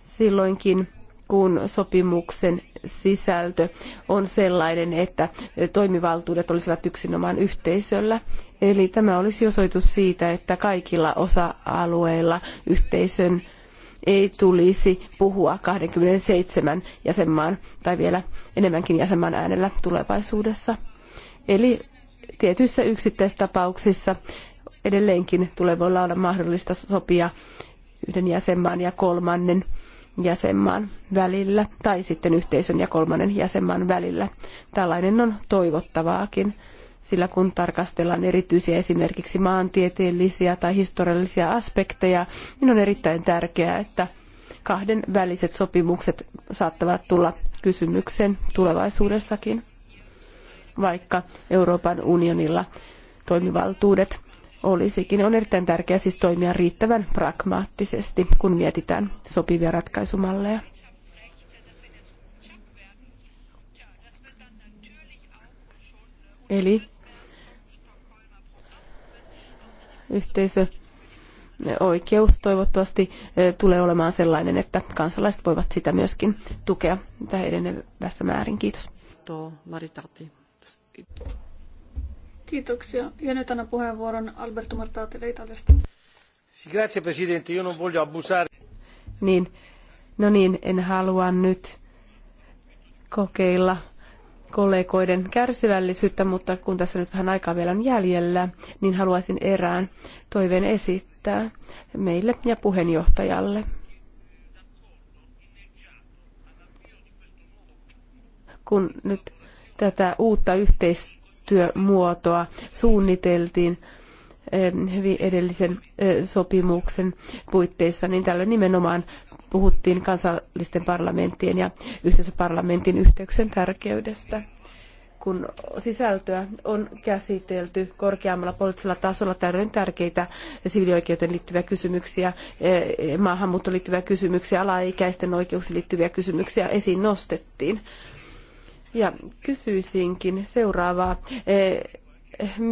silloinkin, kun sopimuksen sisältö on sellainen, että toimivaltuudet olisivat yksinomaan yhteisöllä. Eli tämä olisi osoitus siitä, että kaikilla osa-alueilla yhteisön ei tulisi puhua 27 jäsenmaan tai vielä enemmänkin jäsenmaan äänellä tulevaisuudessa. Eli tietyissä yksittäistapauksissa edelleenkin tulee olla mahdollista sopia yhden jäsenmaan ja kolmannen jäsenmaan välillä tai sitten yhteisön ja kolmannen jäsenmaan välillä. Tällainen on toivottavaakin, sillä kun tarkastellaan erityisiä esimerkiksi maantieteellisiä tai historiallisia aspekteja, niin on erittäin tärkeää, että kahden väliset sopimukset saattavat tulla kysymykseen tulevaisuudessakin, vaikka Euroopan unionilla toimivaltuudet olisikin. On erittäin tärkeää siis toimia riittävän pragmaattisesti, kun mietitään sopivia ratkaisumalleja. Eli yhteisö oikeus toivottavasti eh, tulee olemaan sellainen, että kansalaiset voivat sitä myöskin tukea tähän edenevässä määrin. Kiitos. Kiitoksia. Ja nyt annan puheenvuoron Alberto Martaatille Italiasta. Grazie Presidente, io non voglio abusare. Niin, no niin, en halua nyt kokeilla kollegoiden kärsivällisyyttä, mutta kun tässä nyt vähän aikaa vielä on jäljellä, niin haluaisin erään toiveen esittää meille ja puheenjohtajalle. Kun nyt tätä uutta yhteistyötä työmuotoa suunniteltiin eh, hyvin edellisen eh, sopimuksen puitteissa, niin tällöin nimenomaan puhuttiin kansallisten parlamenttien ja yhteisöparlamentin yhteyksen tärkeydestä. Kun sisältöä on käsitelty korkeammalla poliittisella tasolla, tällöin tärkeitä siviilioikeuteen liittyviä kysymyksiä, eh, maahanmuuttoon liittyviä kysymyksiä, alaikäisten oikeuksiin liittyviä kysymyksiä esiin nostettiin. Ja kysyisinkin seuraavaa. E,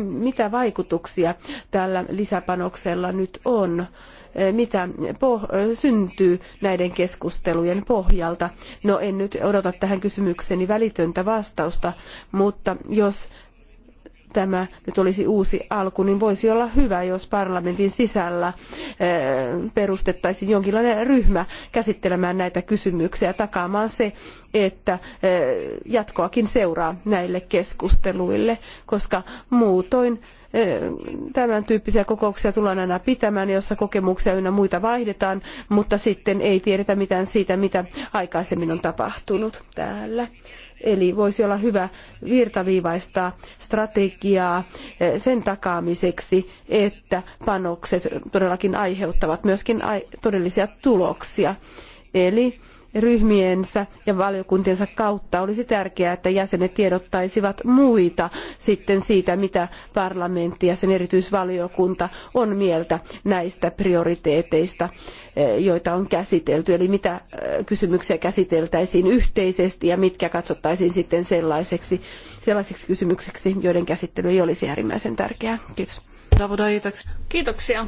mitä vaikutuksia tällä lisäpanoksella nyt on? E, mitä syntyy näiden keskustelujen pohjalta. No en nyt odota tähän kysymykseeni välitöntä vastausta, mutta jos tämä nyt olisi uusi alku, niin voisi olla hyvä, jos parlamentin sisällä eh, perustettaisiin jonkinlainen ryhmä käsittelemään näitä kysymyksiä takaamaan se, että eh, jatkoakin seuraa näille keskusteluille, koska muutoin eh, tämän tyyppisiä kokouksia tullaan aina pitämään, jossa kokemuksia ynnä muita vaihdetaan, mutta sitten ei tiedetä mitään siitä, mitä aikaisemmin on tapahtunut täällä. Eli voisi olla hyvä virtaviivaistaa strategiaa eh, sen takaamiseksi, että panokset todellakin aiheuttavat myöskin todellisia tuloksia. Eli ryhmiensä ja valiokuntiensa kautta. Olisi tärkeää, että jäsenet tiedottaisivat muita sitten siitä, mitä parlamentti ja sen erityisvaliokunta on mieltä näistä prioriteeteista, eh, joita on käsitelty. Eli mitä eh, kysymyksiä käsiteltäisiin yhteisesti ja mitkä katsottaisiin sitten sellaiseksi, sellaisiksi kysymyksiksi, joiden käsittely ei olisi äärimmäisen tärkeää. Kiitos. Kiitoksia.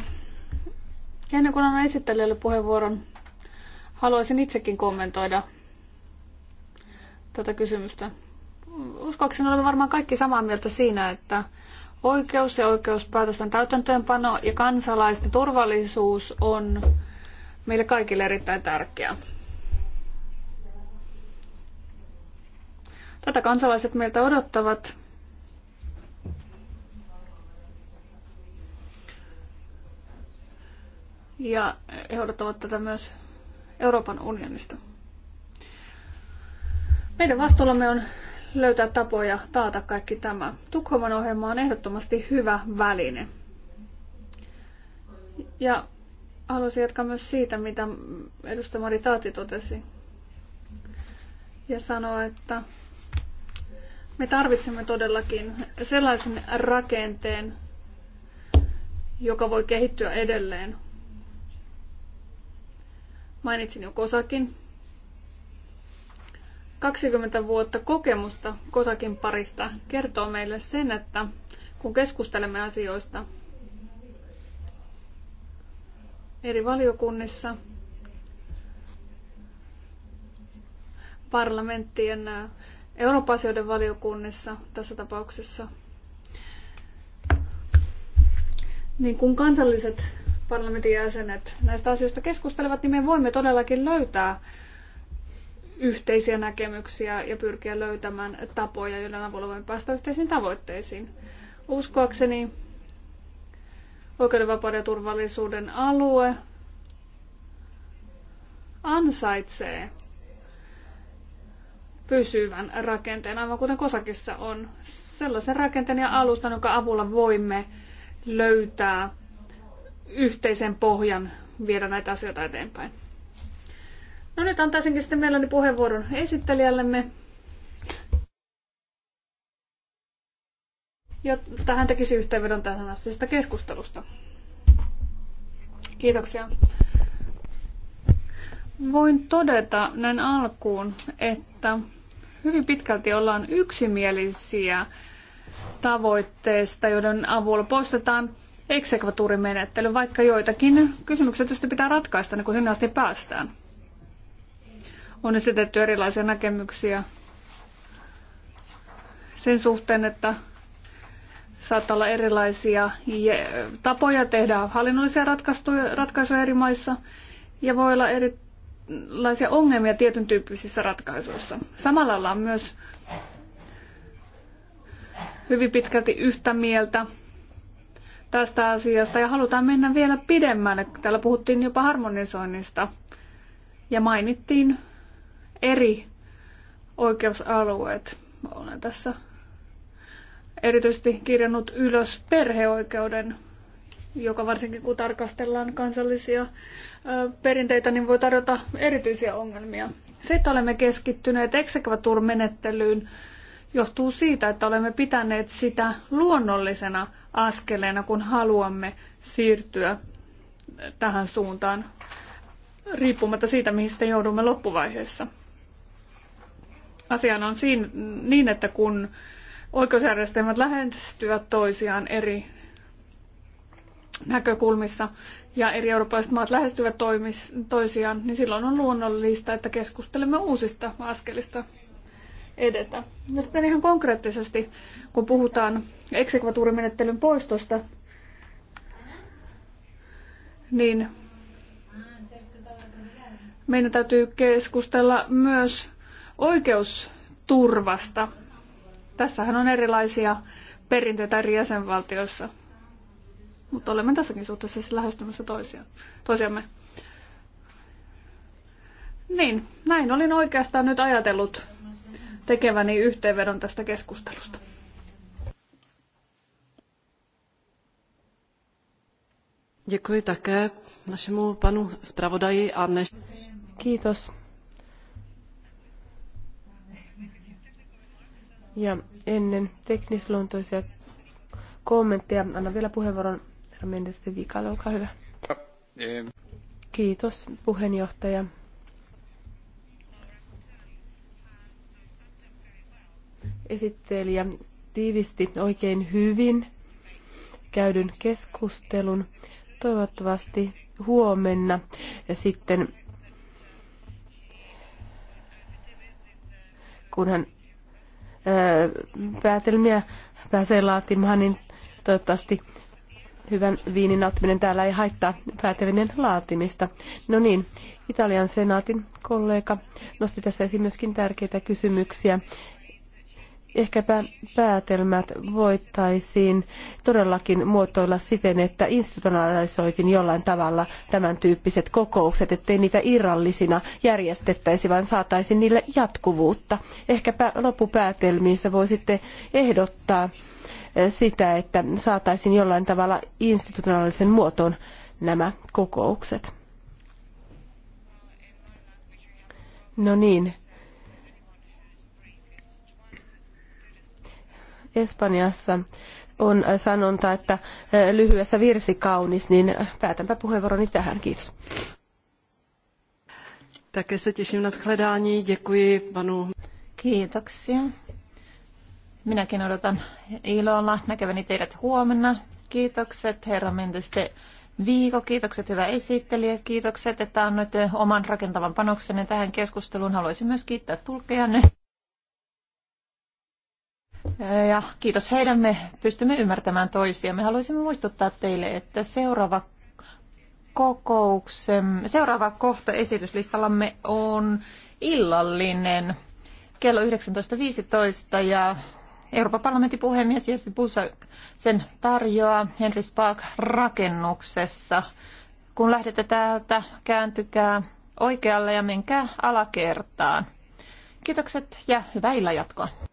Ennen kuin annan esittelijälle puheenvuoron, Haluaisin itsekin kommentoida tätä kysymystä. Uskoakseni olemme varmaan kaikki samaa mieltä siinä, että oikeus ja oikeuspäätösten täytäntöönpano ja kansalaisten turvallisuus on meille kaikille erittäin tärkeää. Tätä kansalaiset meiltä odottavat. Ja he odottavat tätä myös Euroopan unionista. Meidän vastuullamme on löytää tapoja taata kaikki tämä. Tukholman ohjelma on ehdottomasti hyvä väline. Ja haluaisin jatkaa myös siitä, mitä edustaja Mari Taati totesi. Ja sanoa, että me tarvitsemme todellakin sellaisen rakenteen, joka voi kehittyä edelleen Mainitsin jo Kosakin. 20 vuotta kokemusta Kosakin parista kertoo meille sen, että kun keskustelemme asioista eri valiokunnissa, parlamenttien Euroopan asioiden valiokunnissa tässä tapauksessa, niin kun kansalliset parlamentin jäsenet näistä asioista keskustelevat, niin me voimme todellakin löytää yhteisiä näkemyksiä ja pyrkiä löytämään tapoja, joilla avulla voimme päästä yhteisiin tavoitteisiin. Uskoakseni oikeudenvapauden ja turvallisuuden alue ansaitsee pysyvän rakenteen, aivan kuten Kosakissa on. Sellaisen rakenteen ja alustan, jonka avulla voimme löytää yhteisen pohjan viedä näitä asioita eteenpäin. No nyt antaisinkin sitten mielelläni puheenvuoron esittelijällemme, jotta hän tekisi yhteenvedon tähän asteista keskustelusta. Kiitoksia. Voin todeta näin alkuun, että hyvin pitkälti ollaan yksimielisiä tavoitteista, joiden avulla poistetaan eksekvatuurimenettely, vaikka joitakin kysymyksiä tietysti pitää ratkaista, niin kun sinne asti päästään. On esitetty erilaisia näkemyksiä sen suhteen, että saattaa olla erilaisia tapoja tehdä hallinnollisia ratkaisuja eri maissa ja voi olla erilaisia ongelmia tietyn tyyppisissä ratkaisuissa. Samalla ollaan myös hyvin pitkälti yhtä mieltä tästä asiasta ja halutaan mennä vielä pidemmälle. Täällä puhuttiin jopa harmonisoinnista ja mainittiin eri oikeusalueet. mä Olen tässä erityisesti kirjannut ylös perheoikeuden, joka varsinkin kun tarkastellaan kansallisia perinteitä, niin voi tarjota erityisiä ongelmia. Se, että olemme keskittyneet exequatur-menettelyyn, johtuu siitä, että olemme pitäneet sitä luonnollisena – askeleena, kun haluamme siirtyä tähän suuntaan, riippumatta siitä, mihin sitten joudumme loppuvaiheessa. Asia on siinä, niin, että kun oikeusjärjestelmät lähestyvät toisiaan eri näkökulmissa ja eri eurooppalaiset maat lähestyvät toimis, toisiaan, niin silloin on luonnollista, että keskustelemme uusista askelista edetä. No sitten ihan konkreettisesti, kun puhutaan eksekvatuurimenettelyn poistosta, niin meidän täytyy keskustella myös oikeusturvasta. Tässähän on erilaisia perinteitä eri jäsenvaltioissa, mutta olemme tässäkin suhteessa siis lähestymässä toisiaan, toisiamme. Niin, näin olin oikeastaan nyt ajatellut tekeväni yhteenvedon tästä keskustelusta. Děkuji také našemu panu zpravodaji a dnes... Kiitos. Ja ennen teknisluontoisia kommentteja annan vielä puheenvuoron Mendes de Vicalle, olkaa hyvä. Kiitos puheenjohtaja. esittelijä tiivisti oikein hyvin käydyn keskustelun. Toivottavasti huomenna ja sitten, kunhan ää, päätelmiä pääsee laatimaan, niin toivottavasti hyvän viinin nauttiminen täällä ei haittaa päätelmien laatimista. No niin, Italian senaatin kollega nosti tässä esiin myöskin tärkeitä kysymyksiä ehkäpä päätelmät voitaisiin todellakin muotoilla siten, että institutionalisoitin jollain tavalla tämän tyyppiset kokoukset, ettei niitä irrallisina järjestettäisi, vaan saataisiin niille jatkuvuutta. Ehkäpä loppupäätelmiinsä voisitte ehdottaa eh, sitä, että saataisiin jollain tavalla institutionaalisen muotoon nämä kokoukset. No niin, Espanjassa on sanonta, että lyhyessä virsi kaunis, niin päätänpä puheenvuoroni tähän. Kiitos. Také se těším na shledání. Děkuji panu. Kiitoksia. Minäkin odotan ilolla näkeväni teidät huomenna. Kiitokset herra Menteste Viiko, kiitokset hyvä esittelijä, kiitokset, että annoitte oman rakentavan panoksenne tähän keskusteluun. Haluaisin myös kiittää tulkkejanne. Ja kiitos heidän me pystymme ymmärtämään toisia. Me haluaisimme muistuttaa teille, että seuraava kokouksen, seuraava kohta esityslistallamme on illallinen kello 19.15 ja Euroopan parlamentin puhemies Jesse Busa sen tarjoaa Henry Spark rakennuksessa. Kun lähdette täältä, kääntykää oikealle ja menkää alakertaan. Kiitokset ja hyvää illanjatkoa.